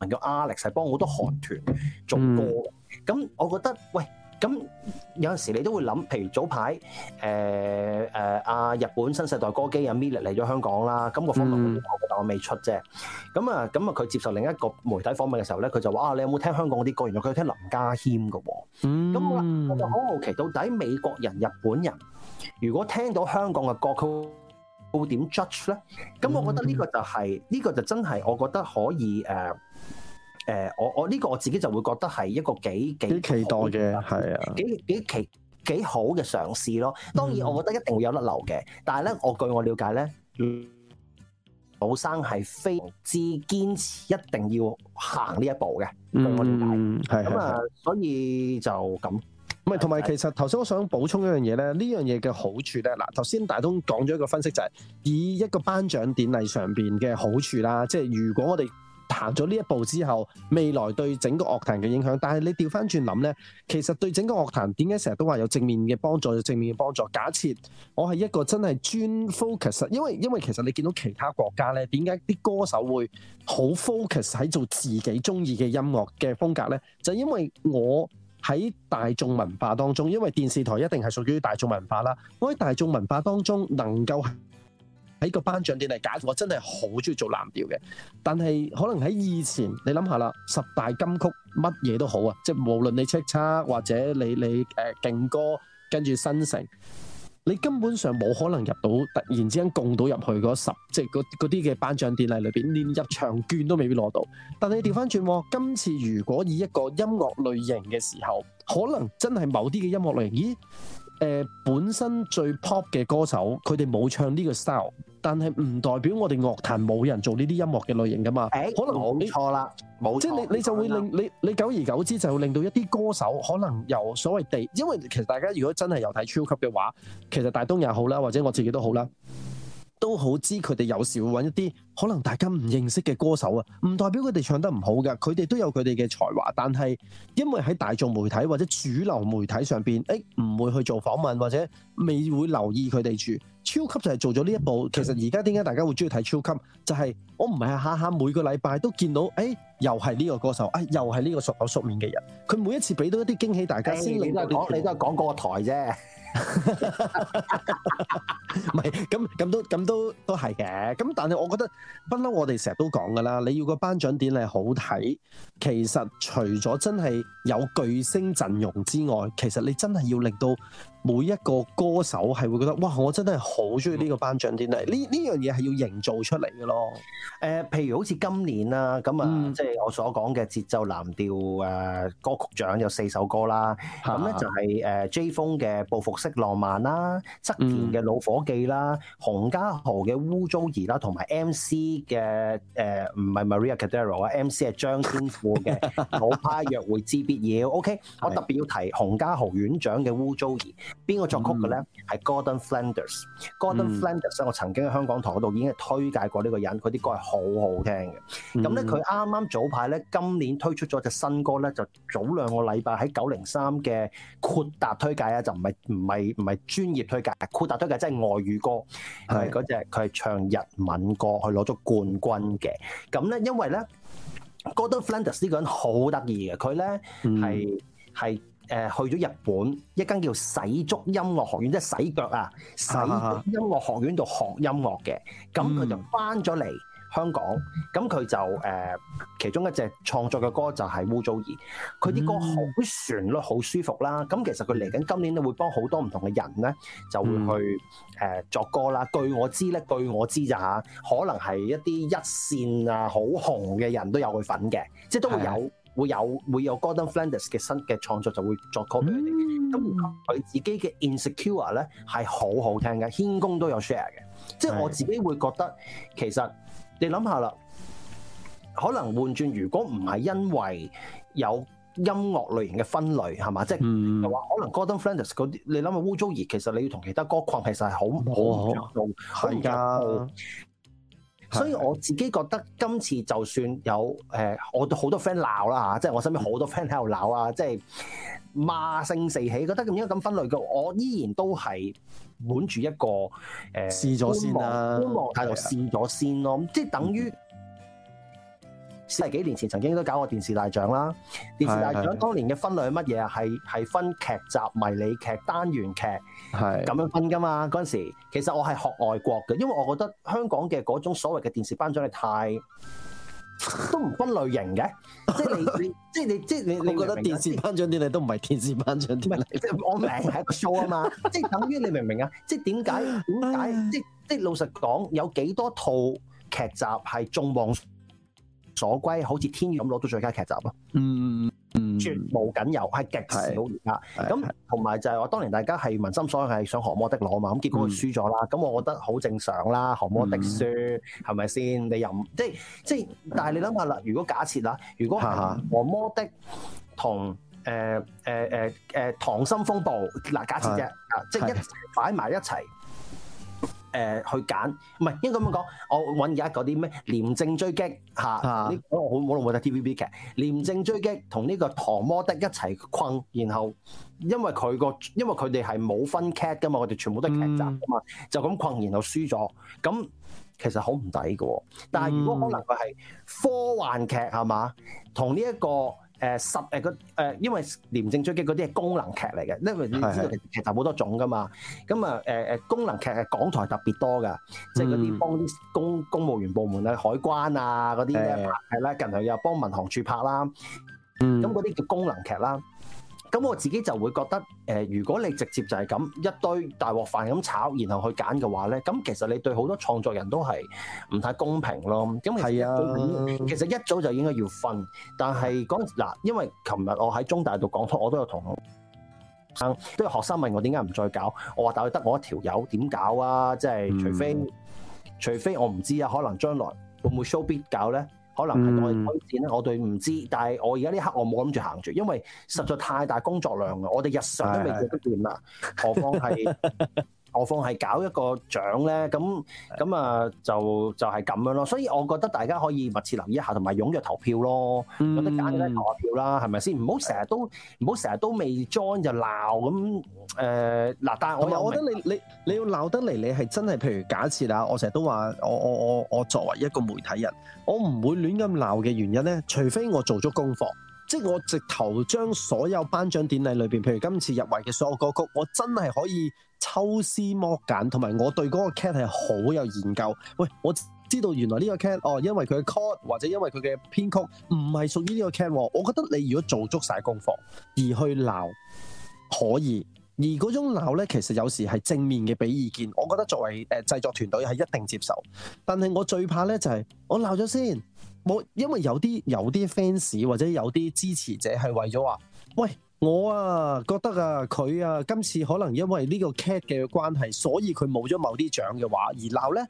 名叫 Alex 係幫好多韓團做歌咁，我覺得喂咁有陣時你都會諗，譬如早排誒誒阿日本新世代歌姬阿 Mila 嚟咗香港啦，咁個訪問，我覺得我未出啫。咁啊咁啊，佢接受另一個媒體訪問嘅時候咧，佢就話：啊，你有冇聽香港嗰啲歌？原來佢聽林家謙㗎喎。咁好啦，我就好好奇到底美國人、日本人如果聽到香港嘅歌曲，會點 judge 咧？咁我覺得呢個就係呢個就真係我覺得可以誒。誒、呃，我我呢、這個我自己就會覺得係一個幾幾期待嘅，係啊，幾幾期幾好嘅嘗試咯。當然，我覺得一定會有得流嘅、嗯。但係咧，我據我了解咧、嗯，老生係非常之堅持，一定要行呢一步嘅。嗯、我瞭解，係、嗯、咁啊，所以就咁。唔係，同埋其實頭先我想補充一東西呢是是樣嘢咧，呢樣嘢嘅好處咧，嗱，頭先大東講咗一個分析就係、是、以一個頒獎典禮上邊嘅好處啦，即、就、係、是、如果我哋。行咗呢一步之後，未來對整個樂壇嘅影響。但係你調翻轉諗呢，其實對整個樂壇點解成日都話有正面嘅幫助？有正面嘅幫助。假設我係一個真係專 focus，因為因為其實你見到其他國家呢，點解啲歌手會好 focus 喺做自己中意嘅音樂嘅風格呢？就因為我喺大眾文化當中，因為電視台一定係屬於大眾文化啦。我喺大眾文化當中能夠喺個頒獎典禮，假我真係好中意做藍調嘅，但係可能喺以前，你諗下啦，十大金曲乜嘢都好啊，即係無論你叱咤或者你你誒、呃、勁歌跟住新城，你根本上冇可能入到，突然之間共到入去嗰十，即係嗰啲嘅頒獎典禮裏邊，連入場券都未必攞到。但係你調翻轉，今次如果以一個音樂類型嘅時候，可能真係某啲嘅音樂類型，咦？呃、本身最 pop 嘅歌手，佢哋冇唱呢個 style，但係唔代表我哋樂壇冇人做呢啲音樂嘅類型㗎嘛？可能冇錯啦，冇即係你，你就會令你你久而久之就會令到一啲歌手可能有所謂地，因為其實大家如果真係有睇 Chill Club 嘅話，其實大東也好啦，或者我自己都好啦。都好知佢哋有時會搵一啲可能大家唔認識嘅歌手啊，唔代表佢哋唱得唔好嘅，佢哋都有佢哋嘅才華，但係因為喺大眾媒體或者主流媒體上邊，誒、哎、唔會去做訪問，或者未會留意佢哋住。Chill Club 就係，是，做咗呢一步。其實而家點解大家會中意睇 Chill Club，就係，是，我唔係下下每個禮拜都見到，誒、哎、又係呢個歌手，啊、哎、又係呢個熟口熟面嘅人。佢每一次俾到一啲驚喜，大家先，哎、你都係講，哎、你都係講嗰個台啫。唔 係，咁咁都咁都都係嘅。咁但係，我覺得不嬲，我哋成日都講噶啦。你要個頒獎典禮好睇，其實除咗真係有巨星陣容之外，其實你真係要令到。每一個歌手係會覺得，哇！我真係好中意呢個頒獎典禮。呢呢樣嘢係要營造出嚟嘅咯。誒，譬如好似今年啦，咁啊，即係我所講嘅節奏藍調誒歌曲獎有四首歌啦。咁咧就係誒 Jay Fung 嘅《報復式浪漫》啦，側田嘅《老夥計》啦，洪嘉豪嘅《污糟兒》啦，同埋 M.C. 嘅誒唔係 Maria Cordero 啊，M.C. 係張天賦嘅《老派約會之必要》OK。我特別要提洪嘉豪院長嘅《污糟兒》。邊個作曲嘅咧？係、mm -hmm. Gordon Flanders。Gordon、mm -hmm. Flanders 我曾經喺香港台度已經係推介過呢個人，佢啲歌係好好聽嘅。咁咧，佢啱啱早排咧，今年推出咗隻新歌咧，就早兩個禮拜喺九零三嘅擴達推介啊，就唔係唔係唔係專業推介，擴達推介即係外語歌，係嗰隻佢係唱日文歌，去攞咗冠軍嘅。咁咧，因為咧 Gordon Flanders 呢個人好得意嘅，佢咧係係。Mm -hmm. 誒去咗日本一間叫洗足音樂學院，即係洗腳啊！洗足音樂學院度學音樂嘅，咁、啊、佢、啊、就翻咗嚟香港。咁、嗯、佢就誒、呃、其中一隻創作嘅歌就係烏糟兒，佢啲歌好旋律好舒服啦。咁其實佢嚟緊今年都會幫好多唔同嘅人咧，就會去誒、嗯呃、作歌啦。據我知咧，據我知咋嚇，可能係一啲一線啊，好紅嘅人都有佢份嘅，即係都會有。會有會有 Gordon Flanders 嘅新嘅創作就會作歌畀佢哋，咁、嗯、佢自己嘅 Insecure 咧係好好聽嘅，軒工都有 share 嘅，即係我自己會覺得其實你諗下啦，可能換轉如果唔係因為有音樂類型嘅分類係嘛，即係話、嗯、可能 Gordon Flanders 嗰啲，你諗下污糟熱，其實你要同其他歌曲其實係好好唔同係噶。所以我自己覺得今次就算有、呃、我好多 friend 鬧啦嚇，即係我身邊好多 friend 喺度鬧啊，即係罵聲四起，覺得咁點解咁分類嘅？我依然都係揾住一個誒，試、呃、咗先啦、啊，觀望試咗先咯、啊，即係等於。四十幾年前曾經都搞過電視大獎啦。電視大獎當年嘅分類係乜嘢啊？係係分劇集、迷你劇、單元劇咁樣分噶嘛？嗰時其實我係學外國嘅，因為我覺得香港嘅嗰種所謂嘅電視頒獎係太都唔分類型嘅，即係你即係你即係你。我覺得電視頒獎啲你都唔係電視頒獎啲。即、就、係、是、我名係一個 show 啊嘛， 即係等於你明唔明啊？即係點解點解？即係即老實講，有幾多套劇集係眾望。所歸好似天意咁攞到最佳劇集咯，嗯嗯，絕無僅有，係極時好而家。咁同埋就係、是、話，當年大家係民心所向，係想何魔的攞嘛，咁結果佢輸咗啦。咁、嗯、我覺得好正常啦，何魔的輸係咪先？你又即即，但係你諗下啦，如果假設啦，如果何魔的同誒誒誒誒溏心風暴嗱，假設啫，即、就是、一擺埋一齊。誒、呃、去揀，唔係應該咁樣講，我揾而家嗰啲咩廉政追擊嚇，呢、啊啊呢個好冇錯，我睇 TVB 劇廉政追擊同呢個唐魔德一齊困，然後因為佢個因為佢哋係冇分 cat 噶嘛，佢哋全部都係劇集噶嘛，嗯、就咁困，然後輸咗，咁其實好唔抵嘅。但係如果可能佢係科幻劇係嘛，同呢一個。誒實誒個因為廉政追擊嗰啲係功能劇嚟嘅，因為你知道其實劇集好多種噶嘛，咁啊誒誒功能劇係港台特別多嘅，即係嗰啲幫啲公公務員部門啊、海關啊嗰啲咧拍嘅，近年又幫民航處拍啦，咁嗰啲叫功能劇啦。咁我自己就會覺得，誒，如果你直接就係咁一堆大鑊飯咁炒，然後去揀嘅話咧，咁其實你對好多創作人都係唔太公平咯。係啊，其實一早就應該要分，但係嗱，因為琴日我喺中大度講堂，我都有同學生都有學生問我點解唔再搞，我話但係得我一條友點搞啊？即係除非除非我唔知啊，可能將來會唔會 show bit 搞咧？可能係代改善咧，我哋唔知、嗯，但係我而家呢刻我冇諗住行住，因為實在太大工作量啊！我哋日常都未做得掂啦，何況係。 何況係搞一個獎咧，咁咁啊，就就係咁樣咯。所以，我覺得大家可以密切留意一下，同埋踴躍投票咯。有得打就打，投票啦，係咪先？唔好成日都唔好成日都未 join 就鬧咁誒嗱。但係我又我覺得你你你要鬧得嚟，你係真係譬如假設啊，我成日都話我我我我作為一個媒體人，我唔會亂咁鬧嘅原因咧，除非我做足功課，即係我直頭將所有頒獎典禮裏邊，譬如今次入圍嘅所有歌曲，我真係可以，抽絲剝繭，同埋我對嗰個 cat 係好有研究。喂，我知道原來呢個 cat 哦，因為佢嘅 cut 或者因為佢嘅編曲唔係屬於呢個 cat。我覺得你如果做足晒功課而去鬧可以，而嗰種鬧呢，其實有時係正面嘅俾意見。我覺得作為誒製作團隊係一定接受。但係我最怕呢，就係、係、我鬧咗先，因為有啲有啲 fans 或者有啲支持者係為咗話，喂。我啊，覺得啊佢啊今次可能因為呢個 cat 嘅關係，所以佢冇咗某啲獎嘅話而鬧呢，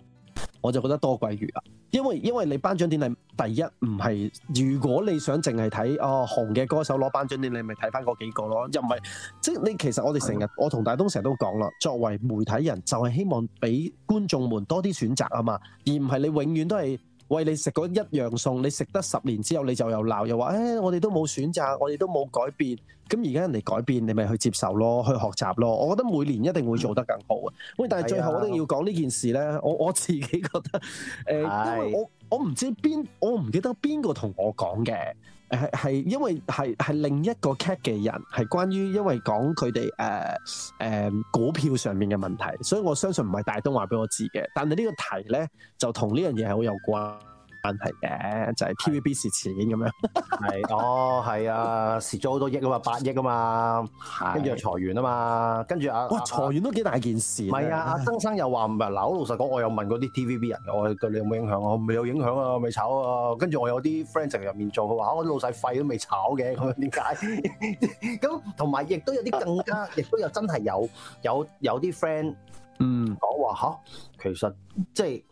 我就覺得多鬼餘啊！因為，因為你頒獎典禮第一唔係，如果你想淨係睇哦紅嘅歌手攞頒獎典禮，咪睇翻嗰幾個咯，又唔係，即係你其實我哋成日，我同大東成日都講啦，作為媒體人就係、是、希望俾觀眾們多啲選擇啊嘛，而唔係你永遠都係。喂，你食嗰一樣餸，你食得十年之後，你就又鬧又話，誒我哋都冇選擇，我哋都冇改變，咁而家人哋改變，你咪去接受咯，去學習咯。我覺得每年一定會做得更好嘅。喂，但係最後我都要講呢件事咧，我我自己覺得，誒，因為我我唔知邊，我唔記得邊個同我講嘅。係係因為係係另一個 cat 嘅人，係關於因為講佢哋誒誒股票上面嘅問題，所以我相信唔係大東話俾我知嘅，但係呢個題咧就同呢樣嘢係好有關。問題嘅就係、是、TVB 蝕錢咁樣，係 哦係啊，蝕咗好多億啊嘛，八億啊嘛，跟住裁員啊嘛，跟住啊，哇裁員都幾大件事。唔係啊，阿、啊啊、曾生又話唔係，嗱我老實講，我又問嗰啲 TVB 人，我對你有冇影響？我未有影響啊，未炒啊。跟住我有啲 friend 喺入面做，佢話、啊、我啲老細肺都未炒嘅，咁點解？咁同埋亦都有啲更加，亦 都有真係有有有啲 friend 嗯講話吓，其實即係。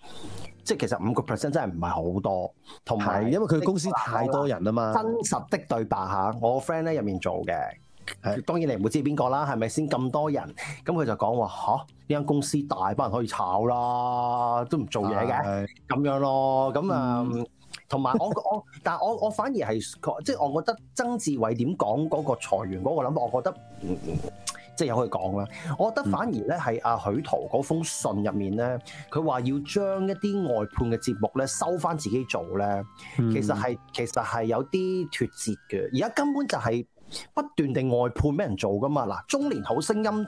即係其實五個 percent 真係唔係好多，同埋因為佢公司太多人啊嘛。真實的對白嚇，我 friend 咧入面做嘅，當然你唔會知邊個啦，係咪先咁多人？咁佢就講話嚇，呢、啊、間公司大班人可以炒啦，都唔做嘢嘅，咁樣咯。咁啊，同、嗯、埋我 我，但係我我反而係，即係我覺得曾志偉點講嗰個裁員嗰、嗰個諗法，我覺得。嗯嗯。即係有可以講啦，我覺得反而咧係阿許濤嗰封信入面咧，佢話要將一啲外判嘅節目咧收翻自己做咧，其實係其實係有啲脫節嘅。而家根本就係不斷地外判俾人做㗎嘛。嗱，中年好聲音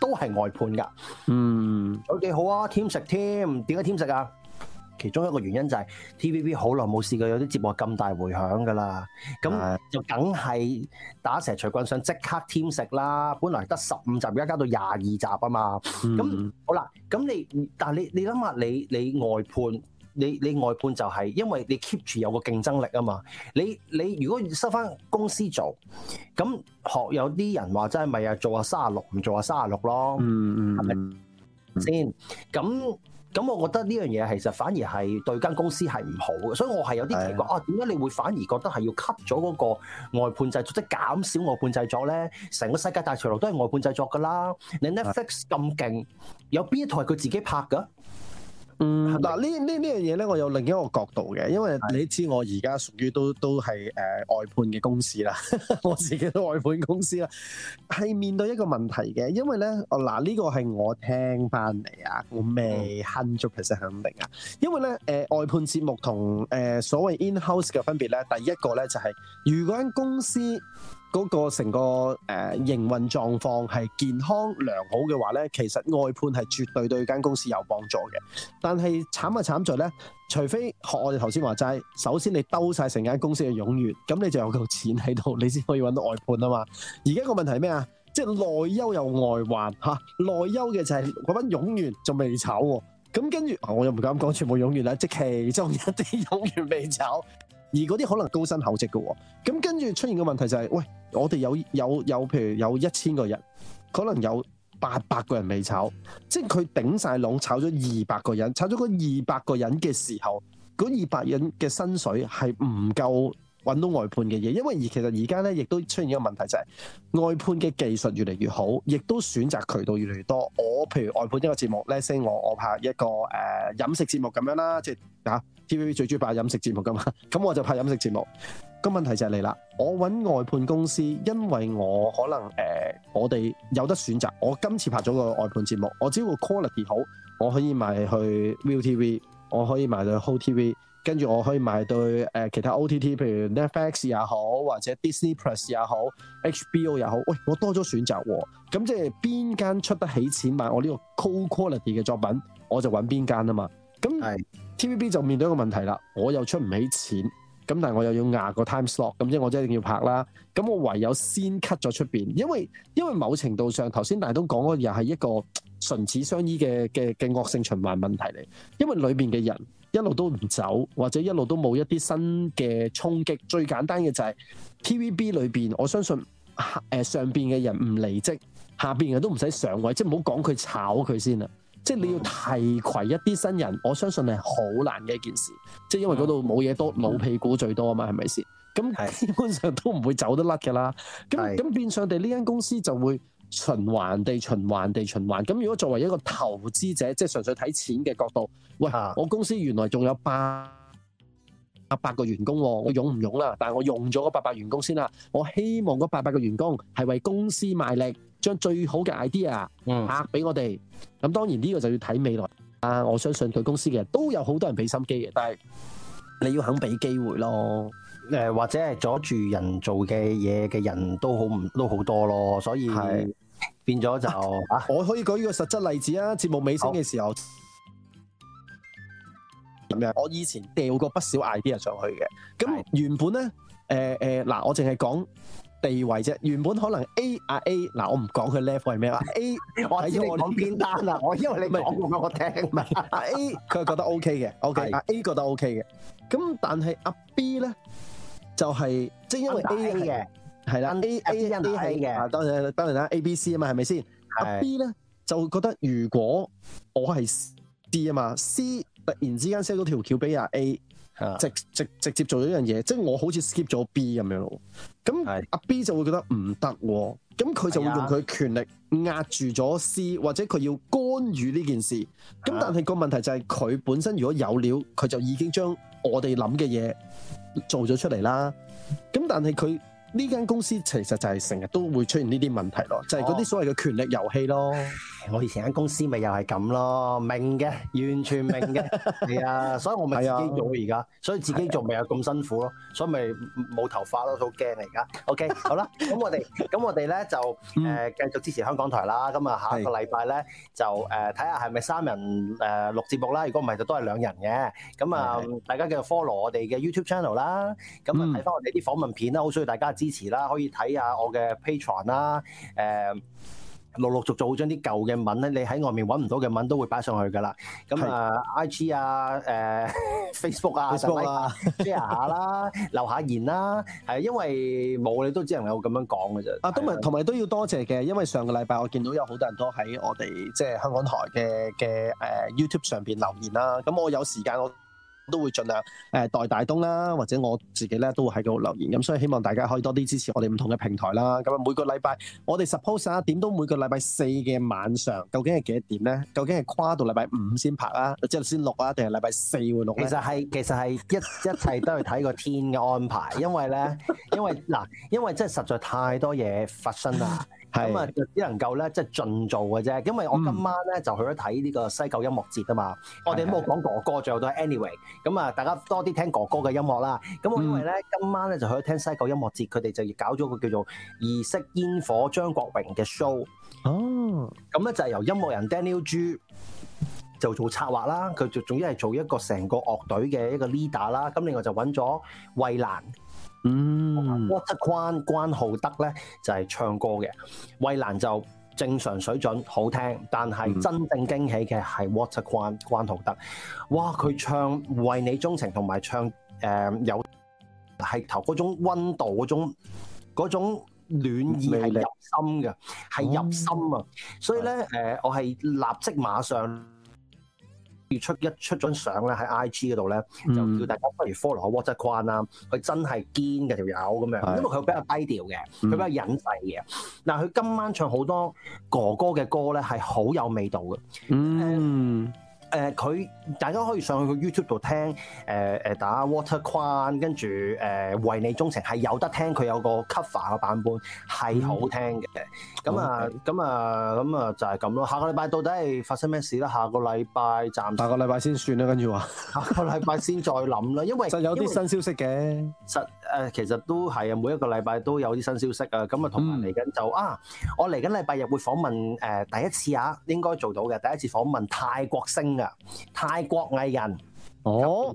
都係外判㗎，嗯，都幾好啊，添食添食，點解添食啊？其中一個原因就係 TVB 好耐冇試過有啲節目咁大迴響噶啦，咁就梗係打蛇隨棍，想即刻添食啦。本來得十五集，而家加到廿二集啊嘛。咁、嗯、好啦，咁你但係你你諗下，你想想你，你外判，你你外判就係因為你 keep 住有個競爭力啊嘛。你你如果收翻公司做，咁學有啲人話齋咪啊，做下三十六，唔做下三十六咯。嗯嗯，係咪先？咁。咁我覺得呢樣嘢其實反而係對間公司係唔好嘅，所以我係有啲奇怪啊，點解你會反而覺得係要 cut 咗嗰個外判製作，即係減少外判製作咧？成個世界大潮流都係外判製作㗎啦，你 Netflix 咁勁，有邊一台佢自己拍㗎？嗯，嗱呢呢呢樣嘢咧，我有另一個角度嘅，因為你知我而家屬於都都係、呃、外判嘅公司啦， 我自己都外判公司啦，係面對一個問題嘅，因為咧，嗱、呃、呢、呢個係我聽翻嚟啊，我未100%肯定啊，因為咧、呃、外判節目同誒、呃、所謂 in-house 嘅分別咧，第一個咧就係、是、如果間公司。嗰、那個成個誒、呃、營運狀況係健康良好嘅話咧，其實外判係絕對對間公司有幫助嘅。但係慘就慘在咧，除非學我哋頭先話齋，首先你兜晒成間公司嘅冗員，咁你就有嚿錢喺度，你先可以揾到外判啊嘛。而家個問題係咩啊？即係內憂又外患嚇、啊。內憂嘅就係嗰班冗員仲未炒喎、啊，咁跟住我又唔敢講全部冗員啦，即其中一啲冗員未炒，而嗰啲可能高薪厚職嘅喎、啊，咁跟住出現個問題就係、是、喂。我哋有有有，譬如有一千個人，可能有八百個人未炒，即係佢頂晒籠炒咗二百個人，炒咗個二百個人嘅時候，嗰二百人嘅薪水係唔夠揾到外判嘅嘢，因為而其實而家咧亦都出現一個問題就係、是、外判嘅技術越嚟越好，亦都選擇渠道越嚟越多。我譬如外判一個節目咧，先我我拍一個誒、呃、飲食節目咁樣啦，即、就、係、是、嚇、啊、TVB 最主要拍飲食節目噶嘛，咁我就拍飲食節目。個問題就係嚟啦，我揾外判公司，因為我可能、呃、我哋有得選擇。我今次拍咗個外判節目，我只要個 quality 好，我可以賣去 ViuTV，我可以賣對 Ho TV，跟住我可以賣對、呃、其他 OTT，譬如 Netflix 也好，或者 Disney+ 也好，HBO 也好。喂，我多咗選擇喎，咁即係邊間出得起錢買我呢個高 quality 嘅作品，我就揾邊間啊嘛。咁 TVB 就面對一個問題啦，我又出唔起錢。咁但係我又要牙個 time slot，咁即係我一定要拍啦。咁我唯有先 cut 咗出面，因為因為某程度上頭先大東講嗰個又係一個唇齒相依嘅嘅嘅惡性循環問題嚟。因為裏面嘅人一路都唔走，或者一路都冇一啲新嘅衝擊。最簡單嘅就係 TVB 裏面，我相信、呃、上邊嘅人唔離職，下邊嘅都唔使上位，即係唔好講佢炒佢先。即係你要提攜一啲新人，我相信係好難嘅一件事。即係因為嗰度冇嘢多，老屁股最多啊嘛，係咪先？咁基本上都唔會走得甩㗎啦。咁咁變相地呢間公司就會循環地，循環地循環、循環地、循環。咁如果作為一個投資者，即係純粹睇錢嘅角度，喂，啊、我公司原來仲有八八百個員工，我用唔用啦？但係我用咗八百員工先啦。我希望個八百個員工係為公司賣力。將最好嘅 idea 吓俾我哋，咁、嗯、當然呢個就要睇未來啊！我相信佢公司嘅都有好多人俾心機嘅，但係你要肯俾機會咯。誒、嗯，或者係阻住人做嘅嘢嘅人都好唔都好多咯，所以變咗就、啊啊，我可以舉個實質例子啊！節目尾聲嘅時候，咁樣，我以前掉過不少 idea 上去嘅，咁原本咧，誒、呃、誒，嗱、呃，我淨係講。地位啫，原本可能 A 啊 A，嗱我唔講佢 level 係咩啊 A 我知你講邊單啦，我 因為你講過俾我聽，唔係啊 A 佢覺得 OK 嘅、啊、，OK 啊 A 覺得 OK 嘅，咁但係阿 B 咧就係、是、即係因為 A 嘅係啦，A A 係嘅，當然當然啦 A B C 啊嘛係咪先？阿 B 咧就覺得如果我係 D 啊嘛，C 突然之間 send 嗰條橋俾阿 A。直直直接做咗一樣嘢，即係我好似 skip 咗 B 咁樣咯。咁阿 B 就會覺得唔得，咁佢就會用佢嘅權力壓住咗 C，或者佢要干預呢件事。咁但係個問題就係佢本身如果有料，佢就已經將我哋諗嘅嘢做咗出嚟啦。咁但係佢呢間公司其實就係成日都會出現呢啲問題咯，就係嗰啲所謂嘅權力遊戲咯。我以前間公司咪又係咁咯，明嘅，完全明嘅，係 啊，所以我咪自己做而家， 所以自己做咪又咁辛苦咯， 所以咪冇頭髮咯，好驚嚟而家。OK，好啦，咁 我哋，咁我哋咧就誒、嗯、繼續支持香港台啦。咁啊，下個禮拜咧就誒睇下係咪三人誒、呃、六節目啦。如果唔係就都係兩人嘅。咁啊是是，大家繼續 follow 我哋嘅 YouTube channel 啦。咁啊，睇翻我哋啲訪問片啦，好、嗯、需要大家支持啦。可以睇下我嘅 Patreon 啦，誒、呃。陸陸續續會將啲舊嘅文咧，你喺外面揾唔到嘅文都會擺上去㗎啦。咁啊，I G 啊，誒、uh, Facebook 啊，Twitter、啊 like, share 啦一下， 留下言啦、啊。係因為冇，你都只能夠咁樣講㗎啫。啊，都咪同埋都要多謝嘅，因為上個禮拜我見到有好多人都喺我哋即係香港台嘅嘅誒 YouTube 上邊留言啦、啊。咁我有時間我。都會盡量誒代大東啦，或者我自己咧都會喺度留言。咁所以希望大家可以多啲支持我哋唔同嘅平台啦。咁每個禮拜我哋 suppose 啊，點都每個禮拜四嘅晚上，究竟係幾多點咧？究竟係跨到禮拜五先拍啊，即係先錄啊，定係禮拜四會錄咧？其實係其實係一一切都係睇個天嘅安排， 因為咧，因為嗱，因為真係實在太多嘢發生啦。咁啊，就、嗯、只能夠咧，即係盡做嘅啫。因為我今晚咧就去咗睇呢個西九音樂節啊嘛。嗯、我哋都冇講哥哥，最後都係 anyway。咁啊，大家多啲聽哥哥嘅音樂啦。咁、嗯、我因為咧今晚咧就去咗聽西九音樂節，佢哋就搞咗個叫做儀式煙火張國榮嘅 show。哦。咁咧就係由音樂人 Daniel G 就做策劃啦。佢就仲要係做一個成個樂隊嘅一個 leader 啦。咁另外就揾咗衞蘭。嗯，Whatson 關關浩德咧就係、是、唱歌嘅，衛蘭就正常水準好聽，但係真正驚喜嘅係 Whatson 關關浩德，哇，佢唱為你鍾情同埋唱誒、呃、有係頭嗰種溫度嗰種嗰種暖意係入心嘅，係入心啊，所以咧誒、呃，我係立即馬上。要出一出咗相咧喺 IG 嗰度咧，就叫大家不如 follow 下 Whatsapp One 啦，佢真係堅嘅條友咁樣，因為佢比較低調嘅，佢、嗯、比較隱世嘅。嗱，佢今晚唱好多哥哥嘅歌咧，係好有味道嘅。嗯。誒、呃、佢大家可以上去個 YouTube 度聽，誒、呃、打 Water 寬，跟住誒為你鍾情。係有得聽，佢有個 cover 嘅版本係好聽嘅。咁、嗯、啊，咁啊，咁、嗯、啊、okay. 呃呃、就係、是、咁咯。下個禮拜到底係發生咩事啦？下個禮拜暫時下個禮拜先算、啊、啦，跟住話下個禮拜先再諗啦，因為實有啲新消息嘅。誒其實都係啊，每一個禮拜都有啲新消息啊，咁啊同埋嚟緊就、嗯、啊，我嚟緊禮拜日會訪問誒、呃、第一次啊，應該做到嘅第一次訪問泰國星啊，泰國藝人哦，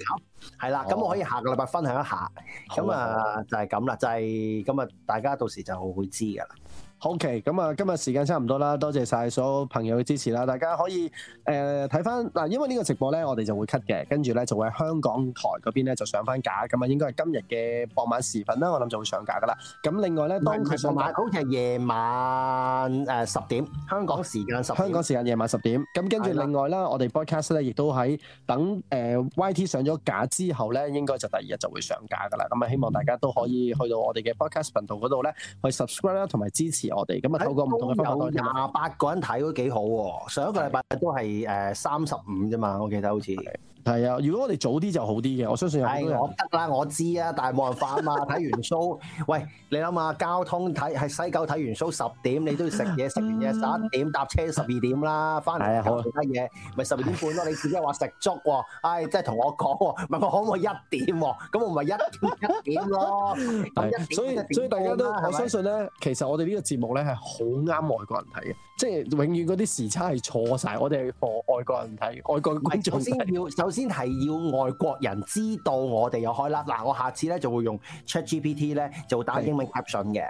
係啦，咁、哦、我可以下個禮拜分享一下，咁、哦、啊就係咁啦，就係咁啊，大家到時就會知㗎啦。好嘅，咁啊，今日時間差唔多啦，多謝晒所有朋友嘅支持啦，大家可以誒睇翻嗱，因為呢個直播咧，我哋就會 cut 嘅，跟住咧就會喺香港台嗰邊咧就上翻架，咁啊應該係今日嘅傍晚時分啦，我諗就會上架噶啦。咁另外咧，當佢上架，是是晚好似係夜晚誒十、呃、點，香港時間十，香港時間夜晚十點。咁跟住另外啦，我哋 broadcast 咧亦都喺等誒 YT 上咗架之後咧，應該就第二日就會上架噶啦。咁啊，希望大家都可以去到我哋嘅 broadcast 頻道嗰度咧，去 subscribe 啦，同埋支持。我哋咁啊，透過唔同嘅方式，廿八個人睇都幾好喎。上一個禮拜都係誒三十五啫嘛，我記得好似。係啊，如果我哋早啲就好啲嘅，我相信有人。係、哎，我得啦，我知啊，但係冇辦法啊嘛，睇 完 show，喂，你諗下交通睇喺西九睇完 show，十點你都要食嘢，食完嘢十一點搭車十二點啦，翻嚟做其他嘢，咪十二點半咯，啊。 你自己話食粥，啊，唉，哎，即係同我講，啊，唔係我可唔可以一點，啊？咁我咪一點一點咯，啊。 所以所以大家，啊，都我相信咧，其實我哋呢個節目咧係好啱外國人睇嘅。即係永遠嗰啲時差係錯晒。我哋外外國人睇外國觀眾，首先要首先係要外國人知道我哋有開 live 嗱、 啊，我下次咧就會用 ChatGPT 咧就打英文 caption 嘅，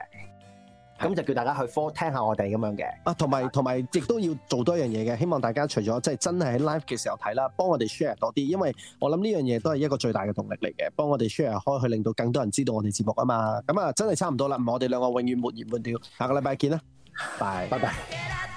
咁就叫大家去 follow 聽下我哋咁樣嘅。啊，同埋同埋亦都要做多樣嘢嘅，希望大家除咗即係真係喺 live 嘅時候睇啦，幫我哋 share 多啲，因為我諗呢樣嘢都係一個最大嘅動力嚟嘅，幫我哋 share 開去令到更多人知道我哋節目啊嘛。咁啊，真係差唔多啦，唔我哋兩個永遠沒完沒了，下個禮拜見啦，拜拜拜。